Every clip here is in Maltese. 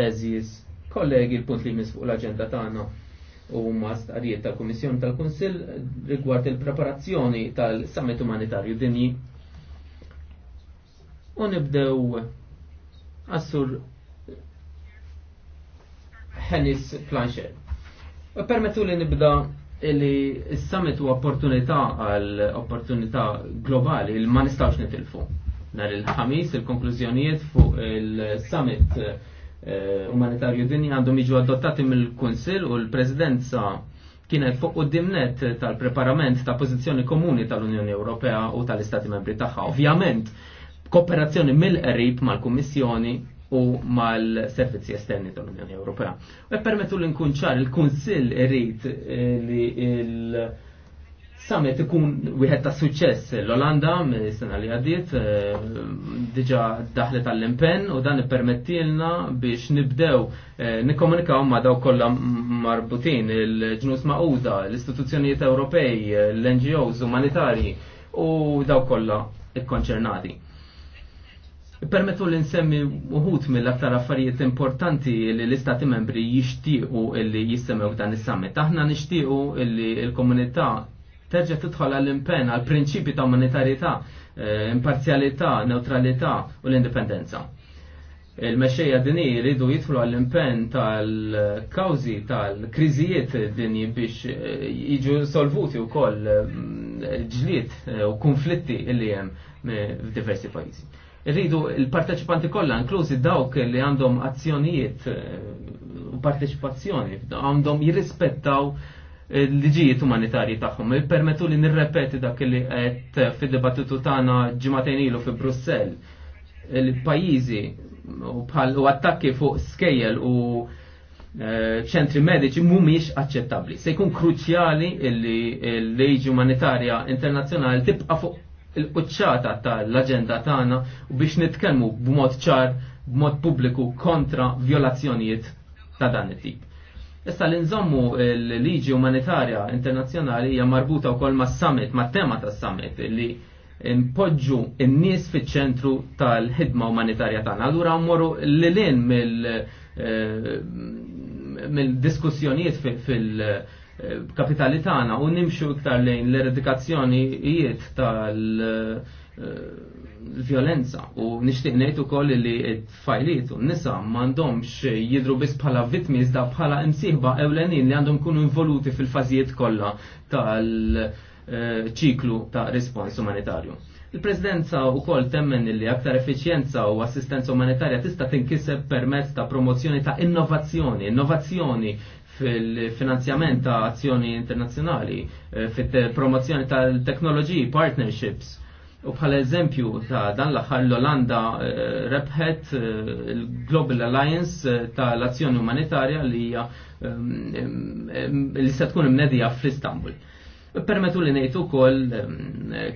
eżis kollegi l-punt li jmiss fuq l-agenda tagħna u mast għadiet tal-Kummissjoni tal-Kunsill rigward il-preparazzjoni tal-Summit Umanitarju Dinji. U nibdew assur Hennis Planchet. Permettu li nibda li s-summit u opportunità għal opportunità globali li ma nistawx nitilfu. Nar il-ħamis, il-konklużjonijiet fuq il-summit Eh, umanitarju dinji għandhom jiġu adottati mill-Kunsill u l-Presidenza kienet fuq dimnet tal-preparament ta' pożizzjoni komuni tal-Unjoni Ewropea u tal-Istati Membri tagħha. Ovvjament, kooperazzjoni mill-qrib mal-Kummissjoni u mal-servizzi esterni tal-Unjoni Ewropea. U e permettu l-inkunċar il-Kunsill irrid li il-, -il summit ikun wieħed ta' suċċess. L-Olanda mis-sena li għaddiet eh, diġa daħlet għall impenn u dan ippermettilna biex nibdew eh, nikkomunikaw ma' daw kollha marbutin il-ġnus Magħquda, l-istituzzjonijiet Ewropej, l-NGOs umanitarji u daw kollha ikkonċernati. Permettu li nsemmi uħut mill-aktar affarijiet importanti li l-istati membri jixtiequ li jissemmew dan is-summit. Aħna nixtiequ li l-komunità terġa' tidħol għall-impenn għall-prinċipi ta' umanitarjetà, eh, imparzjalità, neutralità u l-indipendenza. Il-mexxejja dini jridu jidħlu għall-impenn tal-kawżi tal-kriżijiet dini biex eh, jiġu solvuti wkoll eh, ġlied u konflitti li hemm f'diversi pajjiżi. Irridu il-parteċipanti kollha inklużi dawk li għandhom azzjonijiet u parteċipazzjoni, għandhom jirrispettaw l-liġijiet umanitarji tagħhom. Permettu li nirrepeti dak li qed fid-dibattitu tagħna ġimagħtejn ilu fi Brussell. Il-pajjiżi u attakki fuq skejjel u eh, ċentri mediċi mhumiex aċċettabbli. Se jkun kruċjali li l-liġi umanitarja internazzjonali tibqa' fuq il-quċċata tal-aġenda tagħna u biex nitkellmu b'mod ċar, b'mod pubbliku kontra violazzjonijiet ta' dan it-tip Issa li nżommu l-liġi umanitarja internazzjonali hija marbuta wkoll mas summit, mat tema tas summit li npoġġu n-nies fiċ-ċentru tal-ħidma umanitarja tagħna. Allura mmorru lilin eh, mill-diskussjonijiet fil-kapitali tagħna u nimxu iktar lejn l-eradikazzjonijiet tal- eh, violenza u nixtieq ngħid ukoll li t-tfajliet u nisa m'għandhomx jidru biss bħala vittmi iżda bħala imsieħba ewlenin li għandhom kunu involuti fil-fażijiet kollha tal-ċiklu ta' rispons umanitarju. Il-Presidenza u kol temmen li aktar effiċjenza u assistenza umanitarja tista' tinkiseb permezz ta' promozzjoni ta' innovazzjoni, innovazzjoni fil-finanzjament ta' azzjoni internazzjonali, eh, fit-promozzjoni tal-teknoloġiji, partnerships U bħal eżempju ta' dan l-aħħar l-Olanda eh, rebħet eh, il-Global Alliance eh, ta' l-azzjoni umanitarja li hija ehm, ehm, ehm, li se tkun imnedija fl-Istanbul. Permetu li ngħid ukoll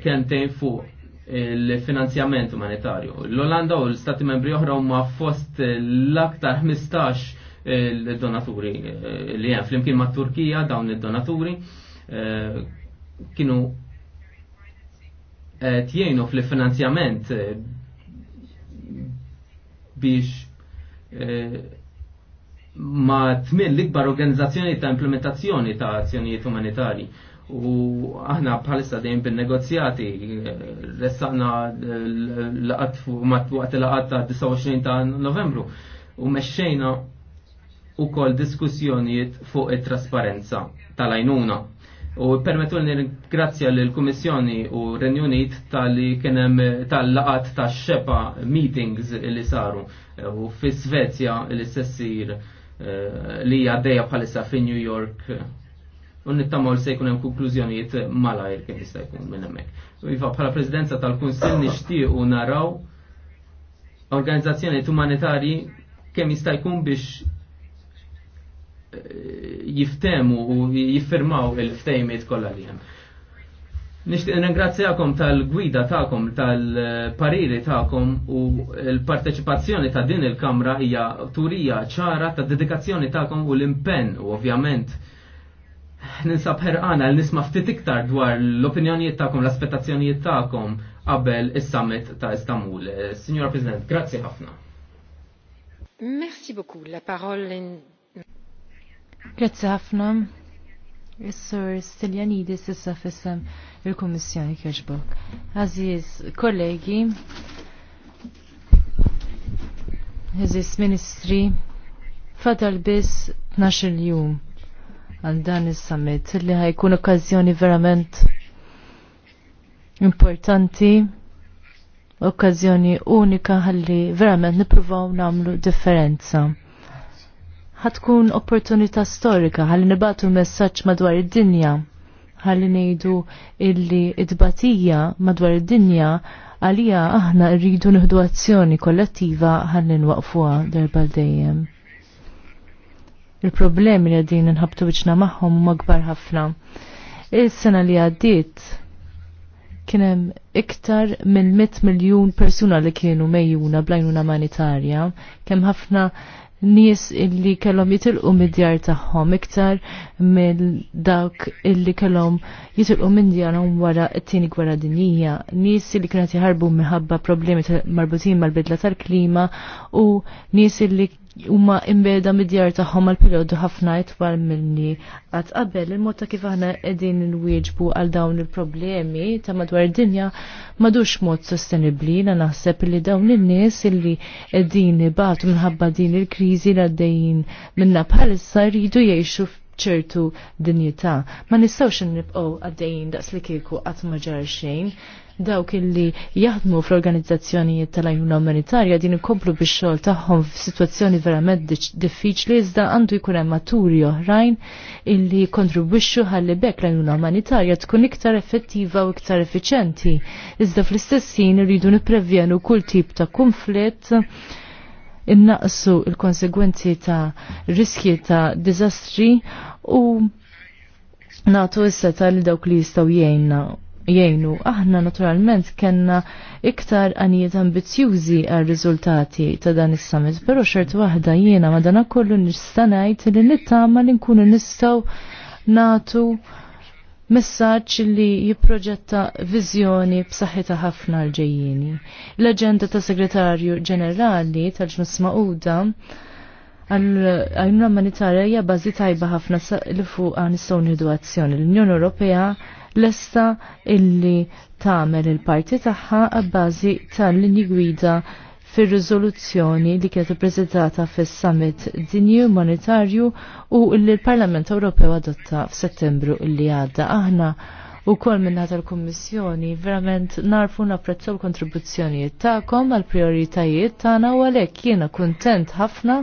kentejn fuq il-finanzjament umanitarju. L-Olanda u l-Stati membri oħra huma fost l-aktar 15 il-donaturi li hemm flimkien mat-Turkija dawn id-donaturi kienu tjienu fil-finanzjament eh, biex eh, ma tmill l-ikbar organizzazzjoni ta' implementazzjoni ta' azzjonijiet umanitari. U aħna bħalissa dejjem bin-negozjati, eh, ressaqna l-qatt waqt l ta' 29 ta' Novembru u mexxejna ukoll diskussjonijiet fuq it-trasparenza tal-għajnuna U permettu nir-grazzja l-Kummissjoni u Renjunit tal-li kienem tal-laqat ta' xepa meetings li saru u fi Svezja li sessir eh, li għaddeja bħalissa fi New York u nittamaw li se jkun hemm konklużjonijiet malajr kien jista' jkun minn hemmhekk. Iva, bħala prezidenza tal-Kunsill nixtiequ naraw organizzazzjoni umanitarji kemm jista' jkun biex jiftemu u jiffirmaw il ftejmet kollha li hemm. Nishtiq tal-gwida tagħkom, tal-pariri tagħkom u l-parteċipazzjoni ta' din il-Kamra hija turija ċara ta' dedikazzjoni tagħkom u l-impenn u ovvjament ninsab ħerqana l nisma' ftit iktar dwar l-opinjonijiet tagħkom, l-aspettazzjonijiet tagħkom qabel is-summit ta' Istanbul. Eh, Signora President, grazzi ħafna. Merci beaucoup. La parole Grazzi ħafna. Is-sur Stiljanidis issa fissem il-Kummissjoni kieġbok. Aziz, kollegi, Aziz Ministri, fadal biss 12 jum għal dan is-summit li ħajkun okkażjoni verament importanti, okkażjoni unika ħalli verament nippruvaw nagħmlu differenza ħatkun opportunità storika ħalli nibatu messaġġ madwar id-dinja ħalli ngħidu illi id-batija madwar id-dinja għalija aħna rridu nħdu azzjoni kollettiva ħalli nwaqfuha darba dejjem. Il-problemi li għaddin nħabtu biċna magħhom huma kbar ħafna. Is-sena li għaddiet kien hemm iktar minn 100 miljun persuna li kienu mejjuna blajnuna manitarja, kemm ħafna nies illi kellhom jitilqu mid-djar tagħhom iktar mill dawk illi kellhom jitilqu minn djarhom wara t-tieni gwerra dinjija, nies illi kienet qed jħarbu minħabba problemi marbutin mal-bidla tal-klima u nies illi umma imbeda mid-djar tagħhom għal perjodu ħafna itwal minni. Għad qabel il-mod ta' kif aħna qegħdin nwieġbu għal dawn il-problemi ta' madwar id-dinja madux mod sostenibbli na naħseb li dawn in-nies illi qegħdin ibatu minħabba din il-kriżi li għaddejjin minna bħalissa jridu jgħixu ċertu dinjita. Ma nistgħux nibqgħu għaddejjin daqs li kieku qatt ma ġar xejn dawk illi jaħdmu fl-organizzazzjonijiet tal-ajnuna umanitarja din ikomplu biex xogħol tagħhom f'sitwazzjoni verament diffiċli iżda għandu jkun hemm maturi oħrajn illi kontribwixxu ħalli bekk l-ajnuna umanitarja tkun iktar effettiva u iktar effiċenti. Iżda fl-istess ħin iridu nipprevjenu kull tip ta' konflitt innaqsu il-konsegwenzi ta' riskji ta' dizastri u nagħtu issa tal dawk li jistgħu jgħinna jgħinu. Aħna naturalment kenna iktar għanijiet ambizjużi għal riżultati ta' dan is-summit, però xert waħda jiena madana kollu nistanajt li nittama li nkunu nistaw natu messaċ li jipproġetta viżjoni b'saħħitha ħafna l-ġejjini. L-aġenda ta' Segretarju Ġenerali tal-ġnus Mauda għal-għajnuna manitarja hija bażi tajba ħafna li fuq għan nistgħu azzjoni. L-Unjoni Ewropea lesta illi tagħmel il-parti tagħha għabbażi tal-linji gwida fir-riżoluzzjoni li kienet prezentata fis-summit dinju Monetarju u l-Parlament Ewropew adotta f'Settembru li għadda aħna u kol minna tal-Kommissjoni verament narfu l kontribuzzjonijiet ta'kom għal prioritajiet tagħna u għalhekk jiena kuntent ħafna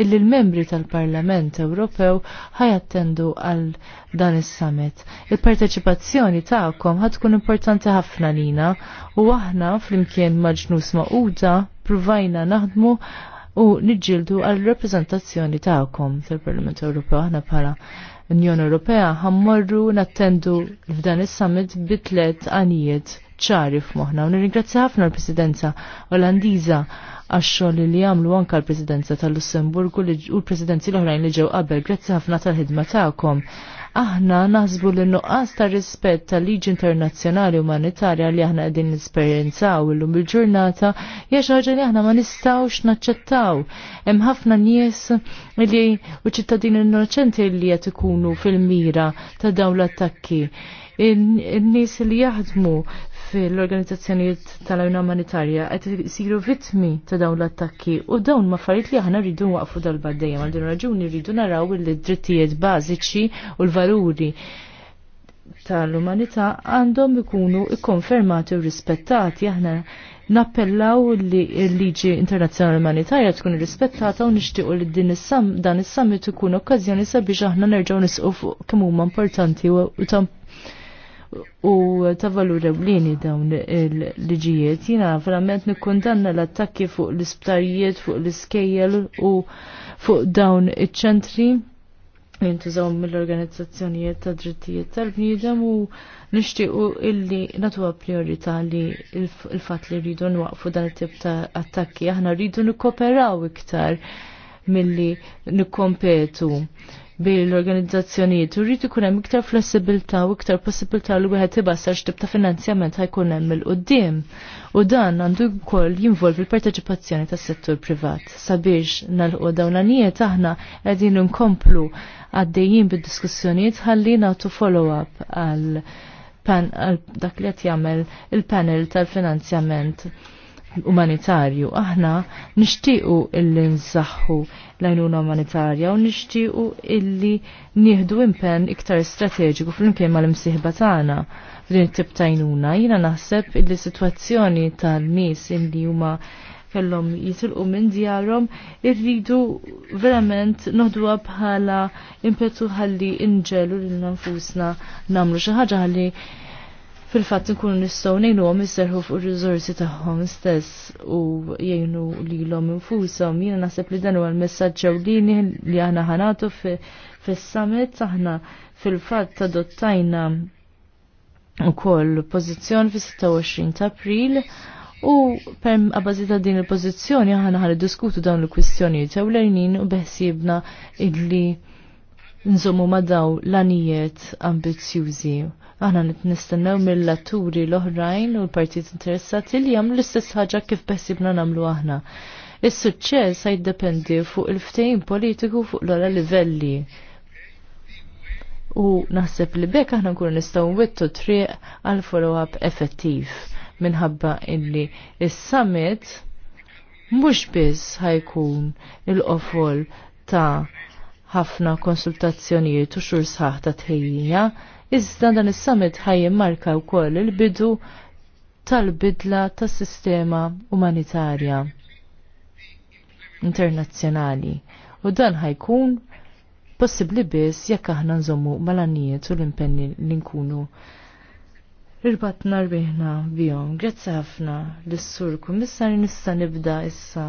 illi l-membri tal-Parlament Ewropew ħajattendu għal dan is-summit. Il-parteċipazzjoni ta'kom ħad tkun importanti ħafna lina u aħna flimkien maġnus maquda provajna naħdmu u niġġildu għal reprezentazzjoni ta'kom tal-Parlament Ewropew aħna bħala Unjoni Ewropea ħammorru nattendu f'dan is-summit bitlet għanijiet ċari f'moħna. U nirringrazzja ħafna l-Presidenza Olandiża għax-xogħol li jagħmlu anke l-Presidenza tal-Lussemburgu u l-Presidenzi l-oħrajn li ġew qabel. Grazzi ħafna tal-ħidma tagħkom aħna naħsbu li nuqqas ta' rispett tal liġi internazzjonali umanitarja li aħna qegħdin nisperjenzaw illum il-ġurnata hija ħaġa li aħna ma nistgħux naċċettaw. Hemm ħafna nies li u ċittadini innoċenti li qed ikunu fil-mira ta' dawn l-attakki in-nies li jaħdmu fil-organizzazzjonijiet tal-ajna umanitarja qed isiru vittmi ta' dawn l-attakki u dawn ma' farit li aħna rridu waqfu dal-baddejja. għal din raġuni rridu naraw il-drittijiet bażiċi u l-valuri tal-umanità għandhom ikunu ikkonfermati u rispettati aħna nappellaw li l-liġi internazzjonali umanitarja tkun rispettata u nixtiequ li din dan is-summit ikun okkażjoni sabiex aħna nerġgħu nisqu fuq kemm huma importanti u u ta' rewlini dawn il-liġijiet. Jina verament nikkundanna l-attakki fuq l-isptarijiet, fuq l-iskejjel u fuq dawn iċ-ċentri jintużaw mill-organizzazzjonijiet ta' drittijiet tal-bniedem u nixtiequ illi natuha priorita li il-fatt li rridu nwaqfu dan it-tip ta' attakki aħna rridu nikkoperaw iktar milli nikkompetu bil-organizzazzjonijiet u rritu ikun hemm iktar flessibilità u iktar possibilità li wieħed ibassar x'tib ta' finanzjament ħajkun hemm il-qudiem. U dan għandu wkoll jinvolvi l-parteċipazzjoni tas-settur privat. Sabiex nalqu dawn għanijiet aħna qegħdin nkomplu għaddejjin bid-diskussjonijiet ħalli nagħtu follow-up għal dak li qed jagħmel il-panel tal-finanzjament umanitarju. Aħna nixtiequ illi nżaħħu l-għajnuna umanitarja u nixtiequ illi nieħdu impenn iktar strateġiku fl-imkien mal-imsieħba tagħna f'din it-tib tajnuna. Jiena naħseb illi sitwazzjoni tal nies illi huma kellhom jitilqu minn djarhom irridu verament noħduha bħala impetu ħalli inġelu lil nfusna nagħmlu xi ħaġa ħalli fil-fatt nkunu nistgħu għom isserħu fuq ir-riżorsi tagħhom stess u jgħinu lilhom infushom. Jiena naħseb li dan huwa l-messaġġ ewlieni li aħna ħanatu fis-summit aħna fil-fatt adottajna ukoll pożizzjon fis-26 ta' April u per għabazi ta' din il pożizzjoni aħna ħalli diskutu dawn il-kwistjonijiet u u beħsibna illi nżommu ma' daw l-anijiet ambizjużi Aħna nistennew mill-atturi l-oħrajn u l-partijiet interessati li jagħmlu l-istess ħaġa kif beħsibna nagħmlu aħna. Is-suċċess jiddependi fuq il-ftehim politiku fuq l-ora livelli. U naħseb li bekk aħna nkunu nistgħu nwittu triq għal follow-up effettiv minħabba illi is-summit mhux biss ħajkun il-qofol ta' ħafna konsultazzjonijiet u xhur sħaħ ta' tħejjija Iżda dan is-summit ħajjem marka wkoll il-bidu tal-bidla tas-sistema umanitarja internazzjonali u dan ħajkun possibbli biss jekk aħna nżommu mal-anijiet u l-impenni li nkunu Irbatna rbiħna bihom. Grazzi ħafna l-sur kummissar nista' nibda issa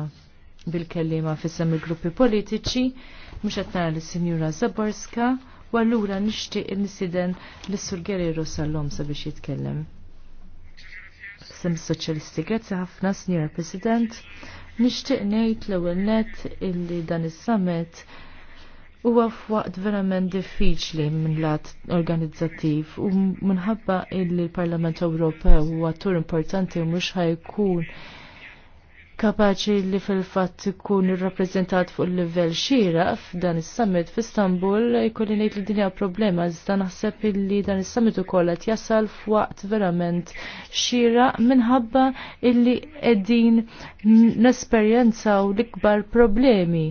bil-kellima fissem il-gruppi politiċi, mhux għatna l-Sinjura Zaborska u allura nixtieq nisiden l-Sur Guerrero sal-lom sabiex jitkellem. Sem Soċjalisti, grazzi ħafna, Sr. President. Nixtieq ngħid l-ewwel net illi dan is-summit huwa f'waqt verament diffiċli minn lat organizzattiv u minħabba illi l-Parlament Ewropew huwa tur importanti u mhux ħajkun kapaċi li fil-fatt ikun irrappreżentat fuq il-livell xira f'dan is-summit f'Istanbul jkolli ngħid li dinja problema iżda naħseb li dan is-summit ukoll qed jasal f'waqt verament xira minħabba illi qegħdin nesperjenzaw l-ikbar problemi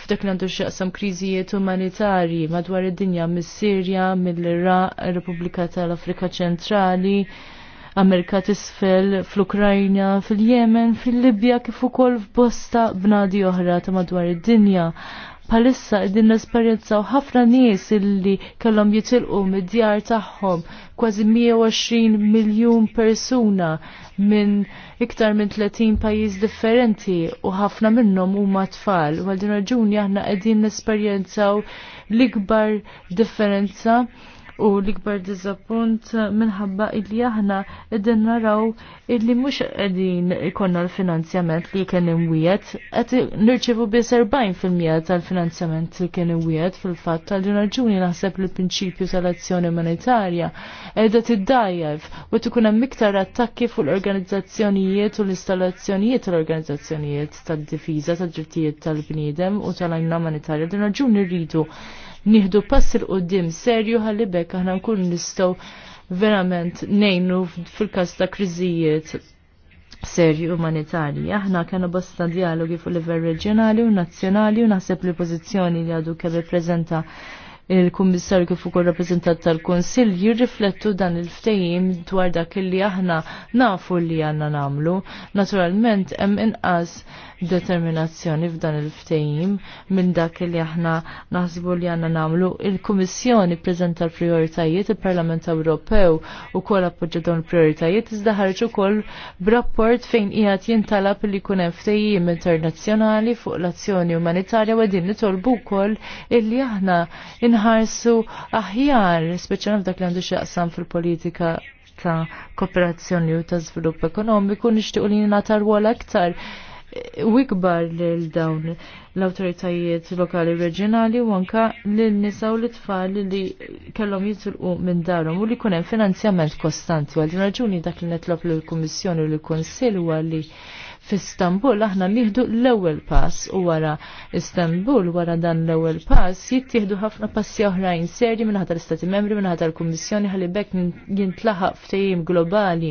f'dak li għandu x'jaqsam kriżijiet umanitarji madwar id-dinja mis-Sirja, mill-Iraq, Repubblika tal-Afrika Ċentrali Amerika t'isfel, fl-Ukrajna, fil-Jemen, fil-Libja kif ukoll f'bosta bnadi oħra ta' madwar id-dinja palissa din nesperjenzaw ħafna nies illi kellhom jitilqu mid-djar tagħhom kważi 120 miljun persuna minn iktar minn 30 pajjiż differenti u ħafna minnhom huma tfal. Għal din raġuni aħna qegħdin nesperjenzaw l-ikbar differenza u l-ikbar dizappunt minħabba illi aħna qegħdin naraw illi mhux qegħdin ikonna l-finanzjament li kien imwiet, qed nirċevu biss 40% tal-finanzjament li kien imwiet fil-fatt tal din naħseb l-prinċipju tal-azzjoni monetarja qiegħda tiddajjef u tkun hemm iktar attakki fuq l-organizzazzjonijiet u l-installazzjonijiet tal-organizzazzjonijiet tad difiza tad-drittijiet tal-bniedem u tal ajna monetarja din raġuni rridu nieħdu pass il qoddim serju ħalli bekk aħna nkun nistgħu verament nejnu fil-każ ta' kriżijiet serji umanitarji. Aħna kena bosta dialogi fuq livell reġjonali u nazzjonali u naħseb li pożizzjoni li għadu kemm ippreżenta il-Kummissarju kif ukoll rappreżentant tal-Kunsill jirriflettu dan il-ftehim dwar dak li aħna nafu li għandna nagħmlu. Naturalment hemm inqas determinazzjoni f'dan il-ftehim minn dak li aħna naħsbu li għandna nagħmlu. Il-Kummissjoni ppreżenta l-prijoritajiet il-Parlament Ewropew ukoll appoġġa dawn il-prijoritajiet iżda ħarġu wkoll b'rapport fejn qiegħed jintalab li jkun hemm ftehim internazzjonali fuq l-azzjoni umanitarja u qegħdin nitolbu wkoll illi aħna Nħarsu aħjar, speċjalment dak li għandu x'jaqsam fil-politika ta' kooperazzjoni u ta' żvilupp ekonomiku nixtiequ li nagħtar wol aktar wikbar e, lil dawn l-autoritajiet lokali reġjonali u anka lil nisa u l-tfal li kellhom jitilqu minn darhom u li jkun hemm finanzjament kostanti għal din raġuni dak li netlob lill kummissjoni u l-Kunsill huwa li f'Istanbul aħna nieħdu l-ewwel pass u wara Istanbul wara dan l-ewwel pass jittieħdu ħafna passi oħrajn serji minn minħata l-Istati Membri minħata l-Kummissjoni ħalli bekk jintlaħaq ftejim globali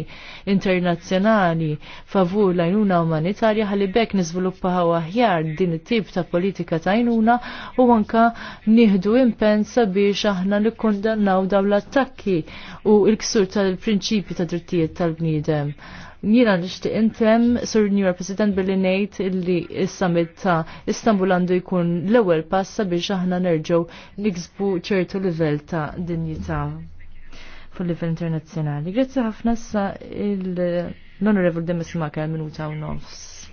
internazzjonali favur l-għajnuna umanitarja ħalli bekk ħaw aħjar din it-tip ta' politika ta' għajnuna u anka nieħdu impensa biex aħna nikkondannaw dawn l-attakki u l-ksur tal-prinċipji ta' drittijiet tal-bniedem. Jiena nixtieq intemm Sur New President billi ngħid illi il summit ta' Istanbul għandu jkun l-ewwel passa biex aħna nerġgħu niksbu ċertu livell ta' dinjità fil-livell internazzjonali. Grazzi ħafna sa l-Honorable Demis Makar minuta u nofs.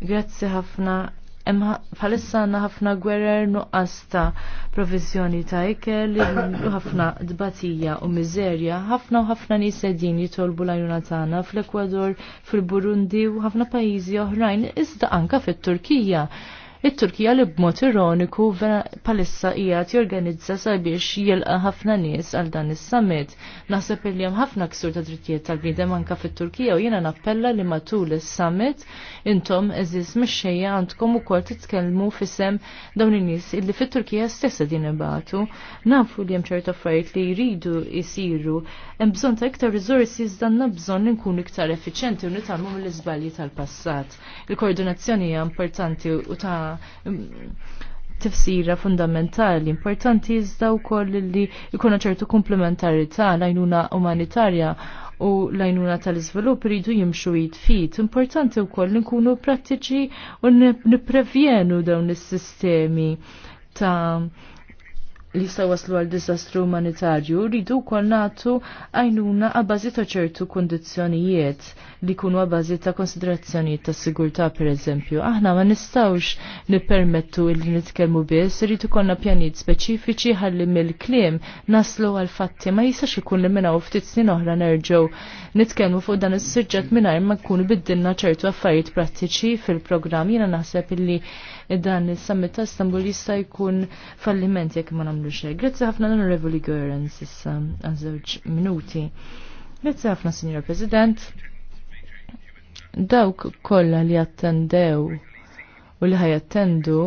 Grazzi ħafna Falissa għanna ħafna gwerer nuqqas ta' provizjoni ta' ikel, ħafna dbatija u mizerja, ħafna u ħafna nisedin jitolbu l-ajuna tagħna fl-Ekwador, fil-Burundi u ħafna pajjiżi oħrajn, iżda anka fit-Turkija it-Turkija li b'mod ironiku palissa hija jorganizza sabiex jilqa' ħafna nies għal dan is-summit. Naħseb li hemm ħafna ksur ta' drittijiet tal-bniedem anke fit-Turkija u jiena nappella li matul is-summit intom eżis mixxejja għandkom ukoll titkellmu fisem dawn in-nies illi fit-Turkija stessa din ibatu. Nafu li hemm ċertu affarijiet li jridu jsiru hemm bżonn ta' iktar riżorsi iżdanna bżonn li nkunu iktar effiċenti u nitalmu mill-iżbalji tal-passat. Il-koordinazzjoni hija importanti u ta' Mm, tifsira fundamentali importanti iżda wkoll li jkunu ċertu komplementarità l-għajnuna umanitarja u l tal-izvilupp rridu jimxu jitfit. Importanti wkoll li nkunu prattiċi u nipprevjenu dawn is-sistemi ta' li sa waslu għal diżastru umanitarju ridu wkoll nagħtu għajnuna għabbażi ta' ċertu kundizzjonijiet li jkunu għabbażi ta' konsiderazzjonijiet ta' sigurtà pereżempju. Aħna ma nistgħux nippermettu li nitkellmu biss, irid konna pjanijiet speċifiċi ħalli mill-kliem naslu għal fatti ma jistax xikun li minna u ftit snin oħra nerġgħu nitkellmu fuq dan is-suġġett mingħajr ma kunu biddinna ċertu affarijiet prattiċi fil-programm jiena naħseb illi dan is-summit ta' Istanbul jista' jkun falliment jekk ma nagħmlu xejn. Grazzi ħafna l-Onorevoli Görens issa għal żewġ minuti. Grazzi ħafna, Signor President. Dawk kollha li attendew u li ħajattendu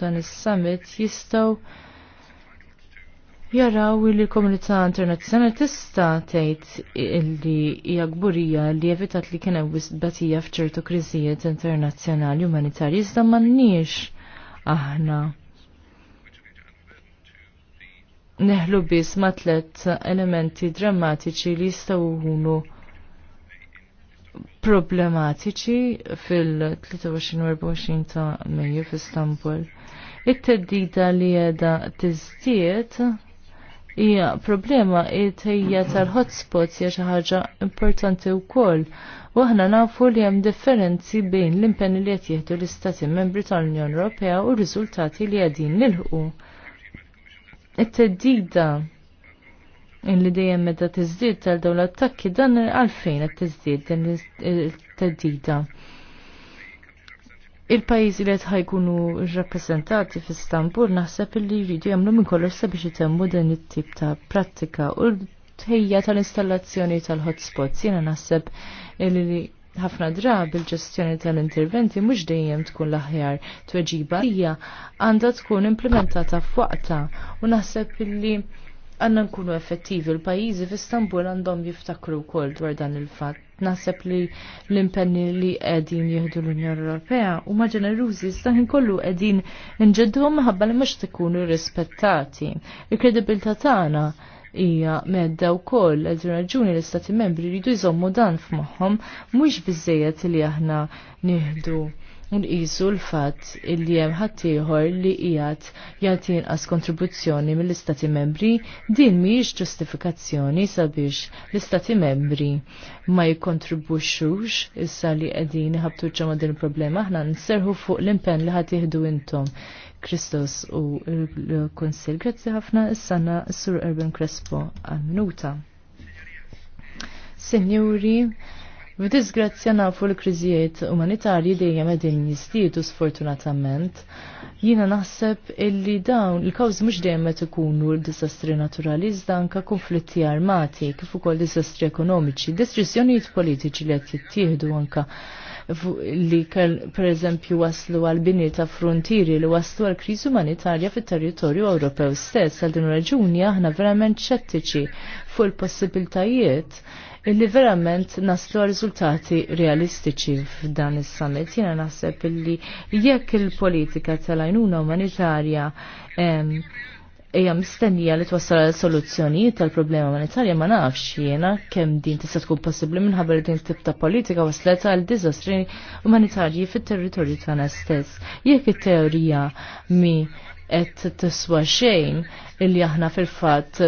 dan is-summit jistgħu jaraw li l-komunità internazzjonali tista' tgħid li hija gburija li evitat li kien hemm batija f'ċertu kriżijiet internazzjonali umanitarji iżda m'għandniex aħna neħlu biss ma' tliet elementi drammatiċi li jistgħu jkunu problematiċi fil-23-24 ta' Mejju f'Istanbul. It-teddida li għeda tiżdiet hija problema it-tejja tal-hotspots hija xi ħaġa importanti wkoll. U aħna nafu li hemm differenzi bejn l-impenni li qed jieħdu l-Istati Membri tal-Unjoni Ewropea u r-riżultati li qegħdin nilħu. It-teddida li dejjem meta tiżdied tal dawn l-attakki dan għalfejn qed tiżdied din it-teddida il-pajizi li ħajkunu rappresentati fi Istanbul naħseb li jridu jagħmlu minn kollox sabiex itemmu dan it-tip ta' prattika u l tħejja tal-installazzjoni tal-hotspots. Jiena naħseb li ħafna drab il-ġestjoni tal-interventi mhux dejjem tkun l-aħjar tweġiba hija għandha tkun implementata f'waqta u naħseb li għanna nkunu effettivi l-pajizi f'Istanbul għandhom jiftakru wkoll dwar dan il-fatt. Naħseb li l-impenni li qegħdin jieħdu l-Unjoni Ewropea huma ġenerużi iżda kollu qegħdin inġedduhom minħabba li mhux tikunu rispettati. il kredibilta tagħna hija medda wkoll għal raġuni l-Istati Membri jridu jżommu dan f'moħħom mux bizzejet li aħna nieħdu nqisu l-fatt illi hemm ħaddieħor li qiegħed jagħti inqas kontribuzzjoni mill-Istati Membri din mhijiex ġustifikazzjoni sabiex l-Istati Membri ma jikkontribwixxux issa li qegħdin iħabtu ma din il-problema aħna nserħu fuq l-impenn li ħadd jieħdu intom. Kristos u l-Konsil. Grazzi ħafna s-sanna Sur Urban Crespo għal-minuta. Senjuri, U disgrazzja nafu l-kriżijiet umanitarji dejjem għedin jistietu sfortunatament. Jiena naħseb illi dawn il-kawżi mhux dejjem qed ikunu l-disastri naturali iżda anke konflitti armati kif ukoll disastri ekonomiċi, distrizzjonijiet politiċi li qed jittieħdu anke li kell per eżempju waslu għal bini ta' frontieri li waslu għal kriżi umanitarja fit-territorju Ewropew stess għal din raġuni aħna verament ċettiċi fuq il-possibiltajiet illi verament naslu riżultati realistiċi f'dan is-summit. Jiena naħseb illi jekk il-politika tal-għajnuna umanitarja hija mistennija li twassal għal soluzzjonijiet tal-problema umanitarja ma nafx jiena kemm din tista' tkun possibbli minħabba li din tip ta' politika waslet għal diżastri umanitarji fit-territorju tagħna stess. Jekk it-teorija mi qed tiswa xejn illi aħna fil-fatt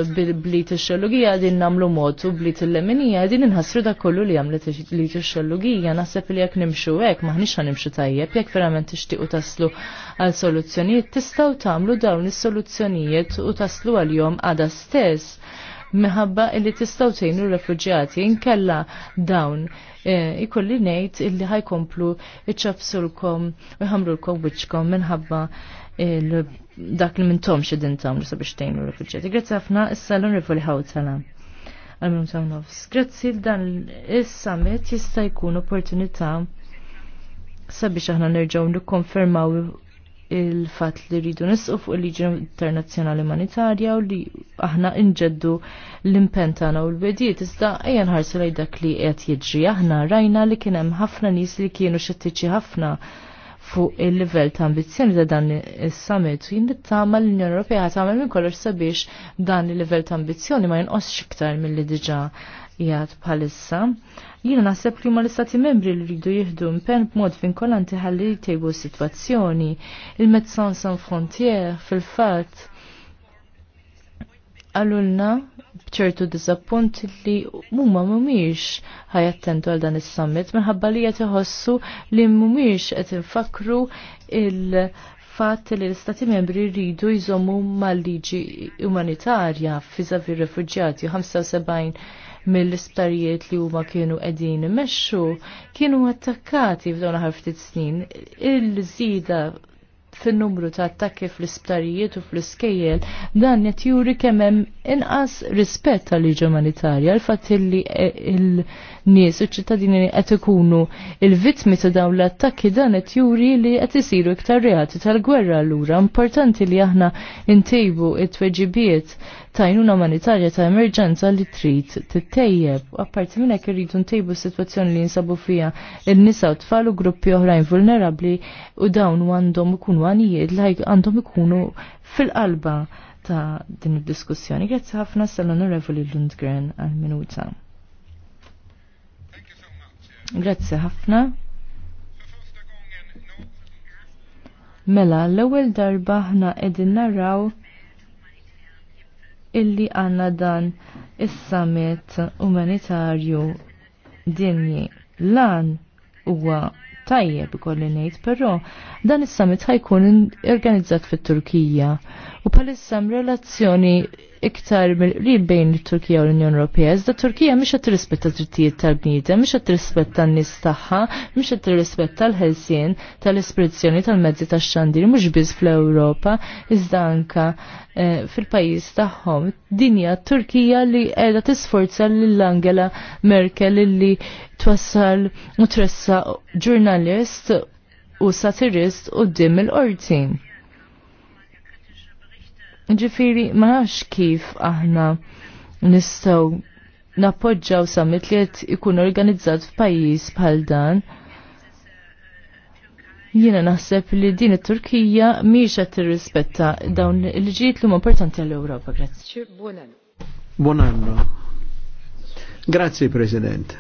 bli t xellugija din nagħmlu mod u bli leminija din inħassru dak kollu li għamlet li t xellugija naħseb li jekk nimxu hekk għan nimxu tajjeb jekk verament tixtiequ taslu għal soluzzjonijiet tistgħu tagħmlu dawn is-soluzzjonijiet u taslu għal-jom għada stess minħabba illi tistaw tgħinu r-refuġjati inkella dawn e, ikolli ngħid illi ħajkomplu iċċabsulkom u jħamrulkom wiċċkom minħabba il dak li tom xedin tamlu sabiex tejnu l-refugġati. Grazzi ħafna, issa l-unrifuli ħawtala. Għal-mim tamnofs. Grazzi dan il-summit jista' jkun opportunità sabiex aħna nerġaw nikkonfermaw il-fat li rridu nisqu fuq il-liġi internazzjonali umanitarja u li aħna inġeddu l-impentana u l-bediet. Iżda ejja nħarsu lej dak li qed jiġri aħna rajna li kien hemm ħafna nies li kienu xettiċi ħafna fuq il-livell ta' ambizzjoni ta' dan is-summit u jinnittama l-Unjoni Ewropea ta' tagħmel minn kollox sabiex dan il-livell ta' ambizzjoni ma xiktar iktar milli diġà jgħat bħalissa. Jiena naħseb li ma l-istati membri li rridu jieħdu impenn b'mod vinkolanti ħalli jtejbu s-sitwazzjoni. Il-Medecins San Frontier fil-fatt għallulna bċertu dizappunt li mumma mumiex ħajattentu għal dan is-summit minħabba li jtiħossu li mumiex qed infakru il- fatt li l-Stati membri rridu jżommu mal-liġi umanitarja fizzavi rifugjati 75 mill-isptarijiet li huma kienu qegħdin imexxu kienu attakkati f'dawn ħarftit ftit snin. Il-żida fin-numru ta' attakki fl-isptarijiet u fl-iskejjel dan qed juri kemm hemm inqas rispett tal liġi umanitarja l fatt li e, il-nies u ċittadini qed ikunu il-vittmi ta' dawn l-attakki dan qed juri li qed isiru iktar reati tal-gwerra allura. Importanti li aħna ntejbu it-tweġibiet tajnuna umanitarja ta' emerġenza li trid tittejjeb. Apparti minn hekk irridu ntejbu s-sitwazzjoni li jinsabu fiha in-nisa u tfal u gruppi oħrajn vulnerabbli u dawn għandhom ikunu għanijiet li għandhom ikunu fil-qalba ta' din id-diskussjoni. Grazzi ħafna sal-Onorevoli Lundgren għal-minuta. Grazzi ħafna. Mela, l-ewwel darba ħna qegħdin narraw illi għandna dan is-summit umanitarju dinji lan huwa tajjeb ikolli ngħid, però dan is-summit ħajkun organizzat fit-Turkija u bħalissa relazzjoni iktar mill-qrib bejn it-Turkija u l-Unjoni Ewropea. Iżda Turkija mhix qed tirrispetta drittijiet tal-bniedem, mhix qed tirrispetta n-nies tagħha, mhix qed tirrispetta l-ħelsien tal-espressjoni tal-mezzi tax-xandir mhux biss fl-Ewropa, iżda anka eh, fil-pajjiż tagħhom. Dinja Turkija li qiegħda tisforza lil Angela Merkel li twassal u tressa ġurnalist u satirist u dim il-qorti Ġifiri, ma nafx kif aħna nistaw nappoġġaw summit li qed ikun organizzat f'pajjiż bħal dan. Jiena naħseb li din it-Turkija miex qed tirrispetta dawn il-ġiet li huma importanti għall-Ewropa. Grazzi. Buon anno. Grazzi President.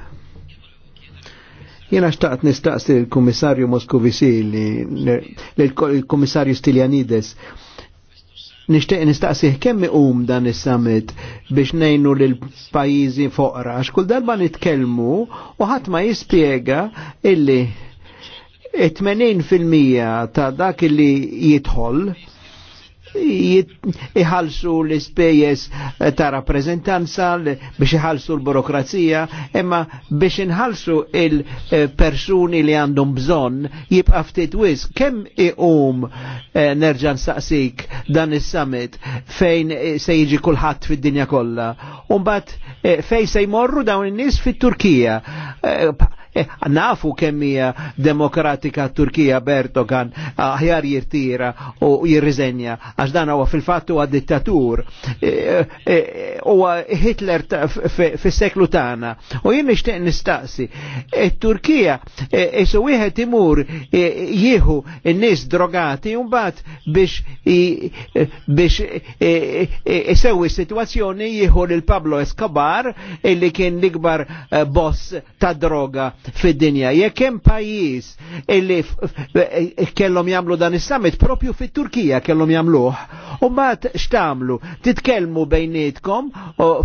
Jiena xtaqt nistaqsi il-Komissarju Moskovisi li il-Komissarju Stiljanides nishtiq nistaqsih kemm iqum dan is-summit biex nejnu lil pajjiżi foqra għax kull darba nitkellmu u ħadd ma jispjega illi 80% ta' dak li jidħol jħalsu l-ispejjeż eh, ta' rappreżentanza biex jħalsu l-burokrazija, imma biex inħalsu il-persuni li għandhom bżonn jibqa' ftit wis. Kemm iqum eh, nerġa' nsaqsik dan is-summit fejn eh, se jiġi kulħadd fid-dinja kollha. Umbagħad mbagħad fejn se jmorru dawn in-nies fit-Turkija. nafu kemm hija demokratika Turkija Bertogan aħjar jirtira u jirriżenja għax dan huwa fil-fatt huwa dittatur. E, e, huwa Hitler fis-seklu tagħna. U jien nixtieq nistaqsi. it e, Turkija isu wieħed imur jieħu n-nies drogati u mbagħad biex biex isewwi situazzjoni jieħu lil Pablo Escobar illi kien l-ikbar boss ta' droga fid-dinja. Jekk hemm pajjiż illi kellhom jagħmlu dan is-summit propju fit-Turkija kellhom jagħmluh. U mbagħad x'tagħmlu? Titkellmu bejnietkom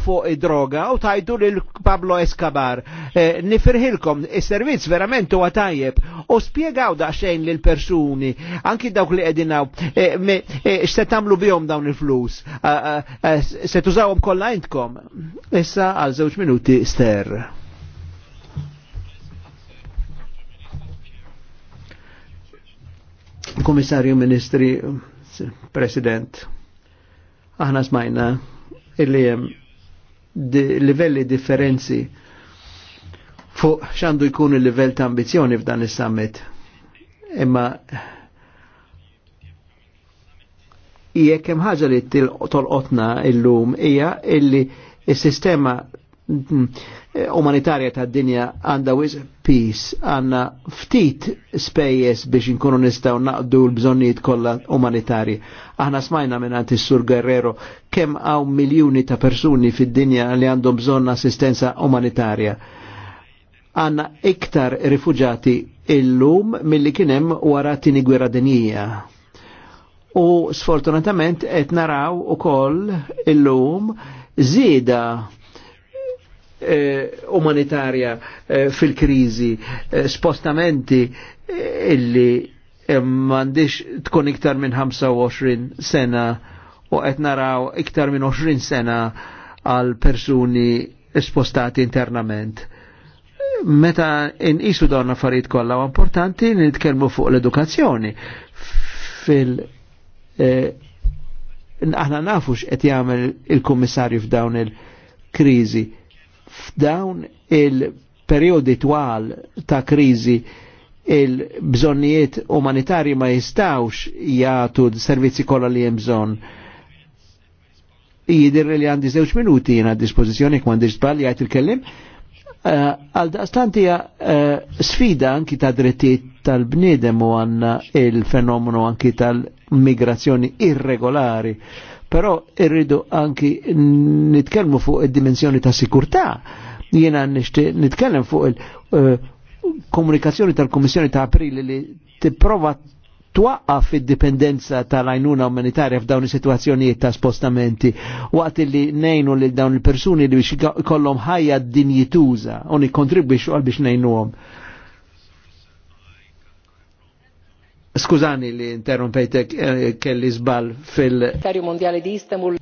fuq id-droga u tajdu lil Pablo Escobar. Eh, nifirħilkom, is-servizz verament huwa tajjeb u spjegaw daqsxejn lil persuni, anki dawk li qegħdinaw eh, eh, x'se tagħmlu bihom dawn il-flus. Ah, ah, ah, se tużawhom kollha intkom. Issa għal żewġ minuti ster. Komissarju Ministri, President, aħna smajna illi jem di livelli differenzi fuq xandu jkun il-livell ta' ambizjoni f'dan is-summit. Imma jekk hemm ħaġa li tolqotna illum hija illi is-sistema il Eh, umanitarja ta' dinja għanda wis peace, għanna ftit spejjes biex nkunu nistaw naqdu l bżonnijiet kollha umanitarji. Aħna smajna minn għanti sur Guerrero kemm għaw miljuni ta' persuni fid-dinja li għandhom bżonn assistenza umanitarja. Għanna iktar rifugjati illum mill-li kienem wara tini gwera dinija. U sfortunatament qed naraw ukoll illum zida Eh, umanitarja eh, fil-krizi, eh, spostamenti illi mandiċ tkun iktar minn 25 sena u qed naraw iktar minn 20 sena għal persuni spostati internament. Meta isu dawn affarijiet kollha importanti nitkellmu fuq l-edukazzjoni fil eh, aħna nafu x'qed jagħmel il-kummissarju f'dawn il-kriżi f'dawn il-periodi twal ta' krizi il-bżonnijiet umanitarji ma jistawx jgħatu servizzi kollha li hemm bżonn. Jidir li għandi żewġ minuti jiena dispożizzjoni kwandi żball jgħid il-kellim. Eh, għal uh, uh, sfida anki ta' drittijiet tal-bniedem u għanna il-fenomenu anki tal-migrazzjoni irregolari però irridu anki nitkellmu fuq id-dimensjoni ta' sikurtà. Jiena nixtieq nitkellem fuq il-komunikazzjoni eh, tal-Kummissjoni ta' April li tipprova twaqqaf id-dipendenza tal ajnuna umanitarja f'dawn is-sitwazzjonijiet ta' spostamenti waqt li nejnu li dawn il-persuni li biex kollhom ħajja dinjituża u nikkontribwixxu għal biex nejnuhom. Skużani li interrompejtek eh, kelli zbal fil- Terju Mondjali di Istanbul.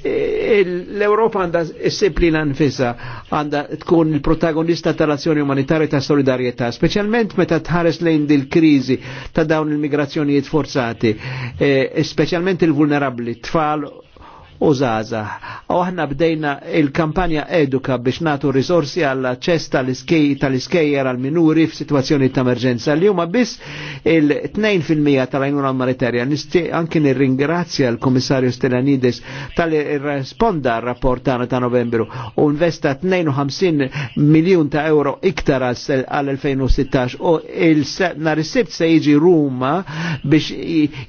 E, L-Europa għanda s l-anfisa għanda tkun il-protagonista tal-azzjoni umanitarja e ta' solidarietà, specialment meta tħares lejn dil-krizi ta' dawn il-migrazzjonijiet forzati, e, specialment il-vulnerabli, tfal u zaza. U aħna bdejna il-kampanja eduka biex natu risorsi għall ċest tal-iskejjer għal minuri f'sitwazzjoni ta' emerġenza li huma biss il-2% tal-għajnuna Maritarja. Nisti anki nirringrazzja l-Komissarju Stelanides tal-responda għal rapport tagħna ta' Novembru u investa 52 miljun ta' euro iktar għal-2016 u il-nar se jiġi Ruma biex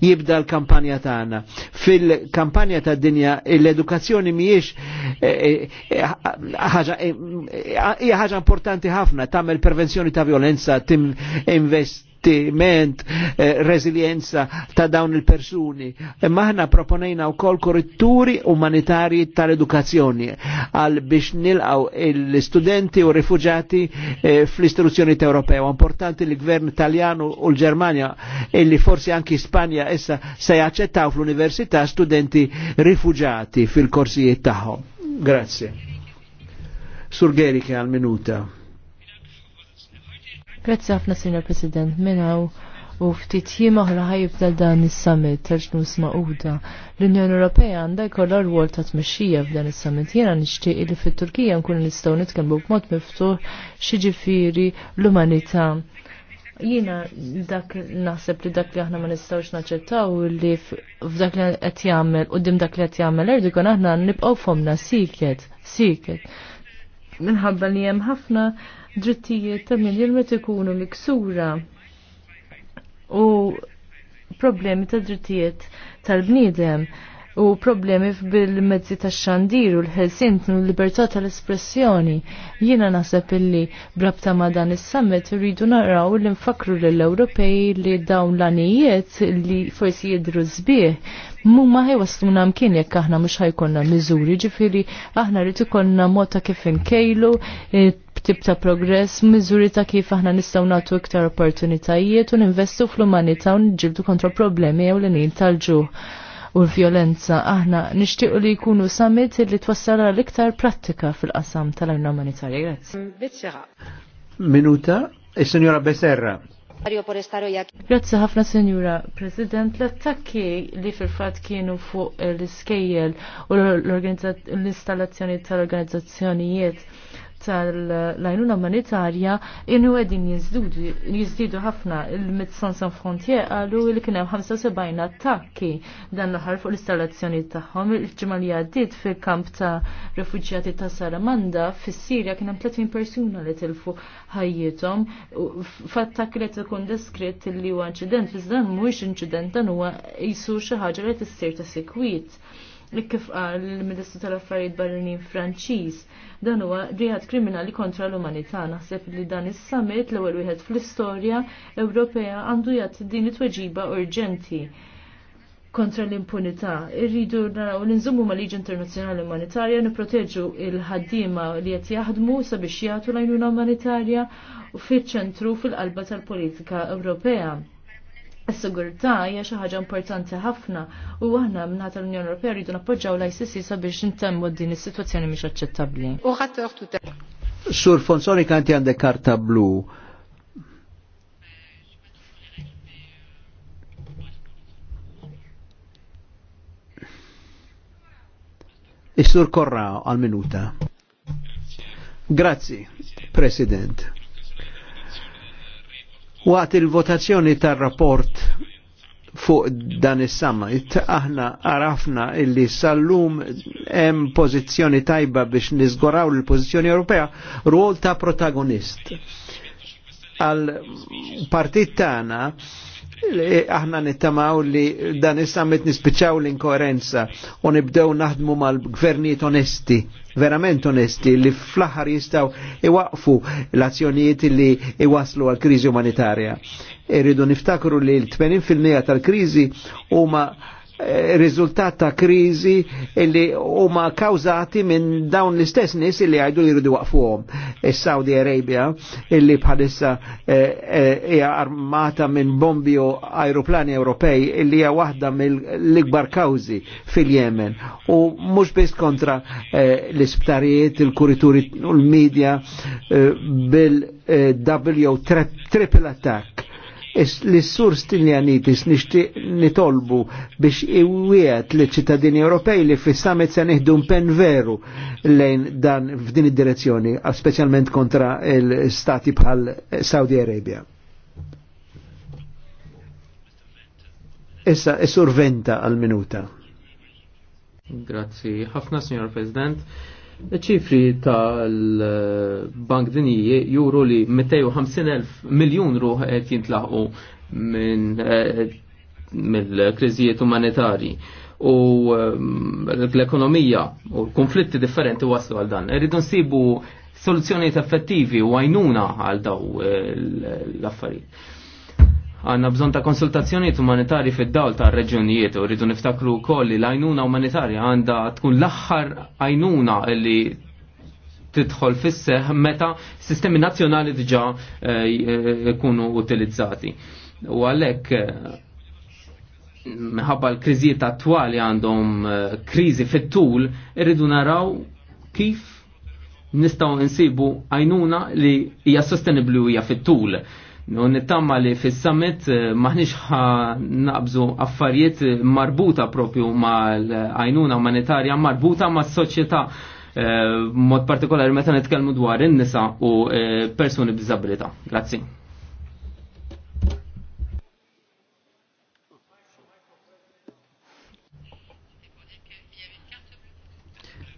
jibda l-kampanja tagħna. Fil-kampanja ta' dinja l-edukazzjoni miex eh, eh, eh, hija ħaġa importanti ħafna tagħmel prevenzjoni ta' violenza, tim invest sentiment, eh, rezilienza ta' dawn il-persuni. Imma aħna proponejna wkoll korritturi umanitarji tal-edukazzjoni għal biex nilqgħu l istudenti u rifuġati eh, fl-istruzzjoni Ewropea. Importanti li gvern Taljanu u l-Germania illi forsi anki Spanja essa se jaċċettaw fl-università studenti rifugjati fil-korsijiet tagħhom. Grazie. Sur Gerike għal minuta. Grazzi ħafna Signor President minnaw u ftit jiem oħra ħajibda dan is-summit tal-ġnus maquda. L-Unjoni Ewropea għandha jkollha rwol ta' tmexxija f'dan is-summit. Jiena nixtieq li fit-Turkija nkunu nistgħu nitkellmu b'mod miftuħ xiġifieri l-umanità Jiena dak naħseb li dak li aħna ma nistgħux naċċettaw li f'dak li qed jagħmel quddiem dak li qed jagħmel Erdogan aħna nibqgħu fomna siket, siket minħabba li hemm ħafna drittijiet ta' min jirmet ikunu miksura u problemi ta' drittijiet tal-bniedem u problemi bil-mezzi ta' xandir u l-ħelsint u l-libertà tal-espressjoni. Jiena naħseb illi brabta ma' dan is-summit rridu naraw li nfakru l-Ewropej li dawn l-anijiet li forsi jidru zbieħ mumma ħajwasluna kien jekk aħna mhux ħajkonna miżuri, ġifiri aħna rritu konna mota kif inkejlu eh, tip ta' progress, miżuri ta' kif aħna nistgħu nagħtu iktar opportunitajiet u ninvestu fl-umanità u nġibdu kontra problemi jew l-nil tal-ġuħ u l-violenza. Aħna nixtiequ li jkunu summit li twassal l-iktar prattika fil-qasam tal arna humanitarja. Grazzi. Mm, Minuta, il e senjora Becerra. Grazzi ħafna Senjura President, l-attakki li fil-fat kienu fuq l-iskejjel u l-installazzjoni tal-organizzazzjonijiet tal-lajnuna umanitarja jenu għedin jizdidu ħafna il-Medicine San Frontier għallu il kienem 75 attakki dan l-ħar fuq l-installazzjoni tagħhom il-ġimgħa li għaddiet fil-kamp ta' refuġjati ta' Saramanda fis-Sirja kienem 30 persuna li tilfu ħajjithom f'attakk li tkun deskritt li huwa inċident iżda mhuwiex inċident dan huwa jisu xi ħaġa li tissir ta' sekwit kif il-Ministru tal-Affarijiet Barranin Franċiż dan huwa ġihad kriminali kontra l-umanità. Naħseb li dan is-summit l-ewwel wieħed fl-istorja Ewropea għandu jagħti din it-tweġiba urġenti kontra l-impunità. Irridu naraw l-inżummu ma liġi internazzjonali umanitarja niproteġu il ħaddiema li qed jaħdmu sabiex jagħtu l-għajnuna umanitarja u fiċ-ċentru fil-qalba tal-politika Ewropea. Is-sigurtà hija xi ħaġa importanti ħafna u aħna mingħata l-Unjoni Ewropea rridu nappoġġaw l-ICC sabiex nintemmu din is-sitwazzjoni mhix aċċettabbli. Sur Fonsori kanti għandek karta blu. Is-sur Korra għal-minuta. Grazzi, President. Waqt il-votazzjoni tar-rapport fuq dan is-summit aħna arafna illi sallum hemm pożizzjoni tajba biex niżgoraw l-pożizzjoni Ewropea ruol ta' protagonist. Għal partit tagħna aħna nittamaw li dan is-summit nispiċaw l-inkoerenza u nibdew naħdmu mal-gvernijiet onesti, verament onesti, li fl-aħħar jistaw iwaqfu l-azzjonijiet li iwaslu għal-kriżi umanitarja. Irridu niftakru li l-80% tal-kriżi huma Eh, riżultat ta' krizi illi huma kawzati minn dawn l-istess nies illi għajdu li jridu waqfuhom. Is-Saudi Arabia illi bħalissa eh, eh, hija armata minn bombi u aeroplani Ewropej illi hija waħda mill-ikbar kawzi fil-Yemen. U mhux biss kontra l-isptarijiet, il-kurituri u l-medja bil w eh, triple attack L-sur tinjanitis nixtieq nitolbu biex iwiet li ċittadini Ewropej li fis-summit se nieħdu pen veru lejn dan f'din id-direzzjoni, speċjalment kontra l-stati bħal Saudi Arabia. Issa, is-sur Venta għal-minuta. Grazzi. Ħafna, Signor President ċifri ta' l-Bank Dinji juru li 250 miljon ruħ qed jintlaħqu minn eh, mill-kriżijiet umanitari u eh, l-ekonomija u l-konflitti differenti waslu għal dan. Irridu nsibu soluzzjonijiet effettivi u għajnuna għal daw eh, l-affarijiet Għanna bżon ta' konsultazzjoniet umanitarji fid-dawl ta' reġjonijiet u rridu niftakru wkoll li l-għajnuna umanitarja għandha tkun l-aħħar għajnuna li tidħol fis-seħ meta sistemi nazzjonali diġà jkunu eh, utilizzati. U għalhekk eh, minħabba l-kriżijiet attwali għandhom eh, kriżi fit-tul, irridu naraw kif nistaw insibu għajnuna li hija sostenibbli u hija fit-tul. U nittamma li fis-summit eh, maħniex ħa naqbżu affarijiet marbuta propju l għajnuna umanitarja marbuta mas-soċjetà eh, mod partikolari meta nitkellmu dwar in-nisa u eh, persuni b'diżabilità. Grazzi.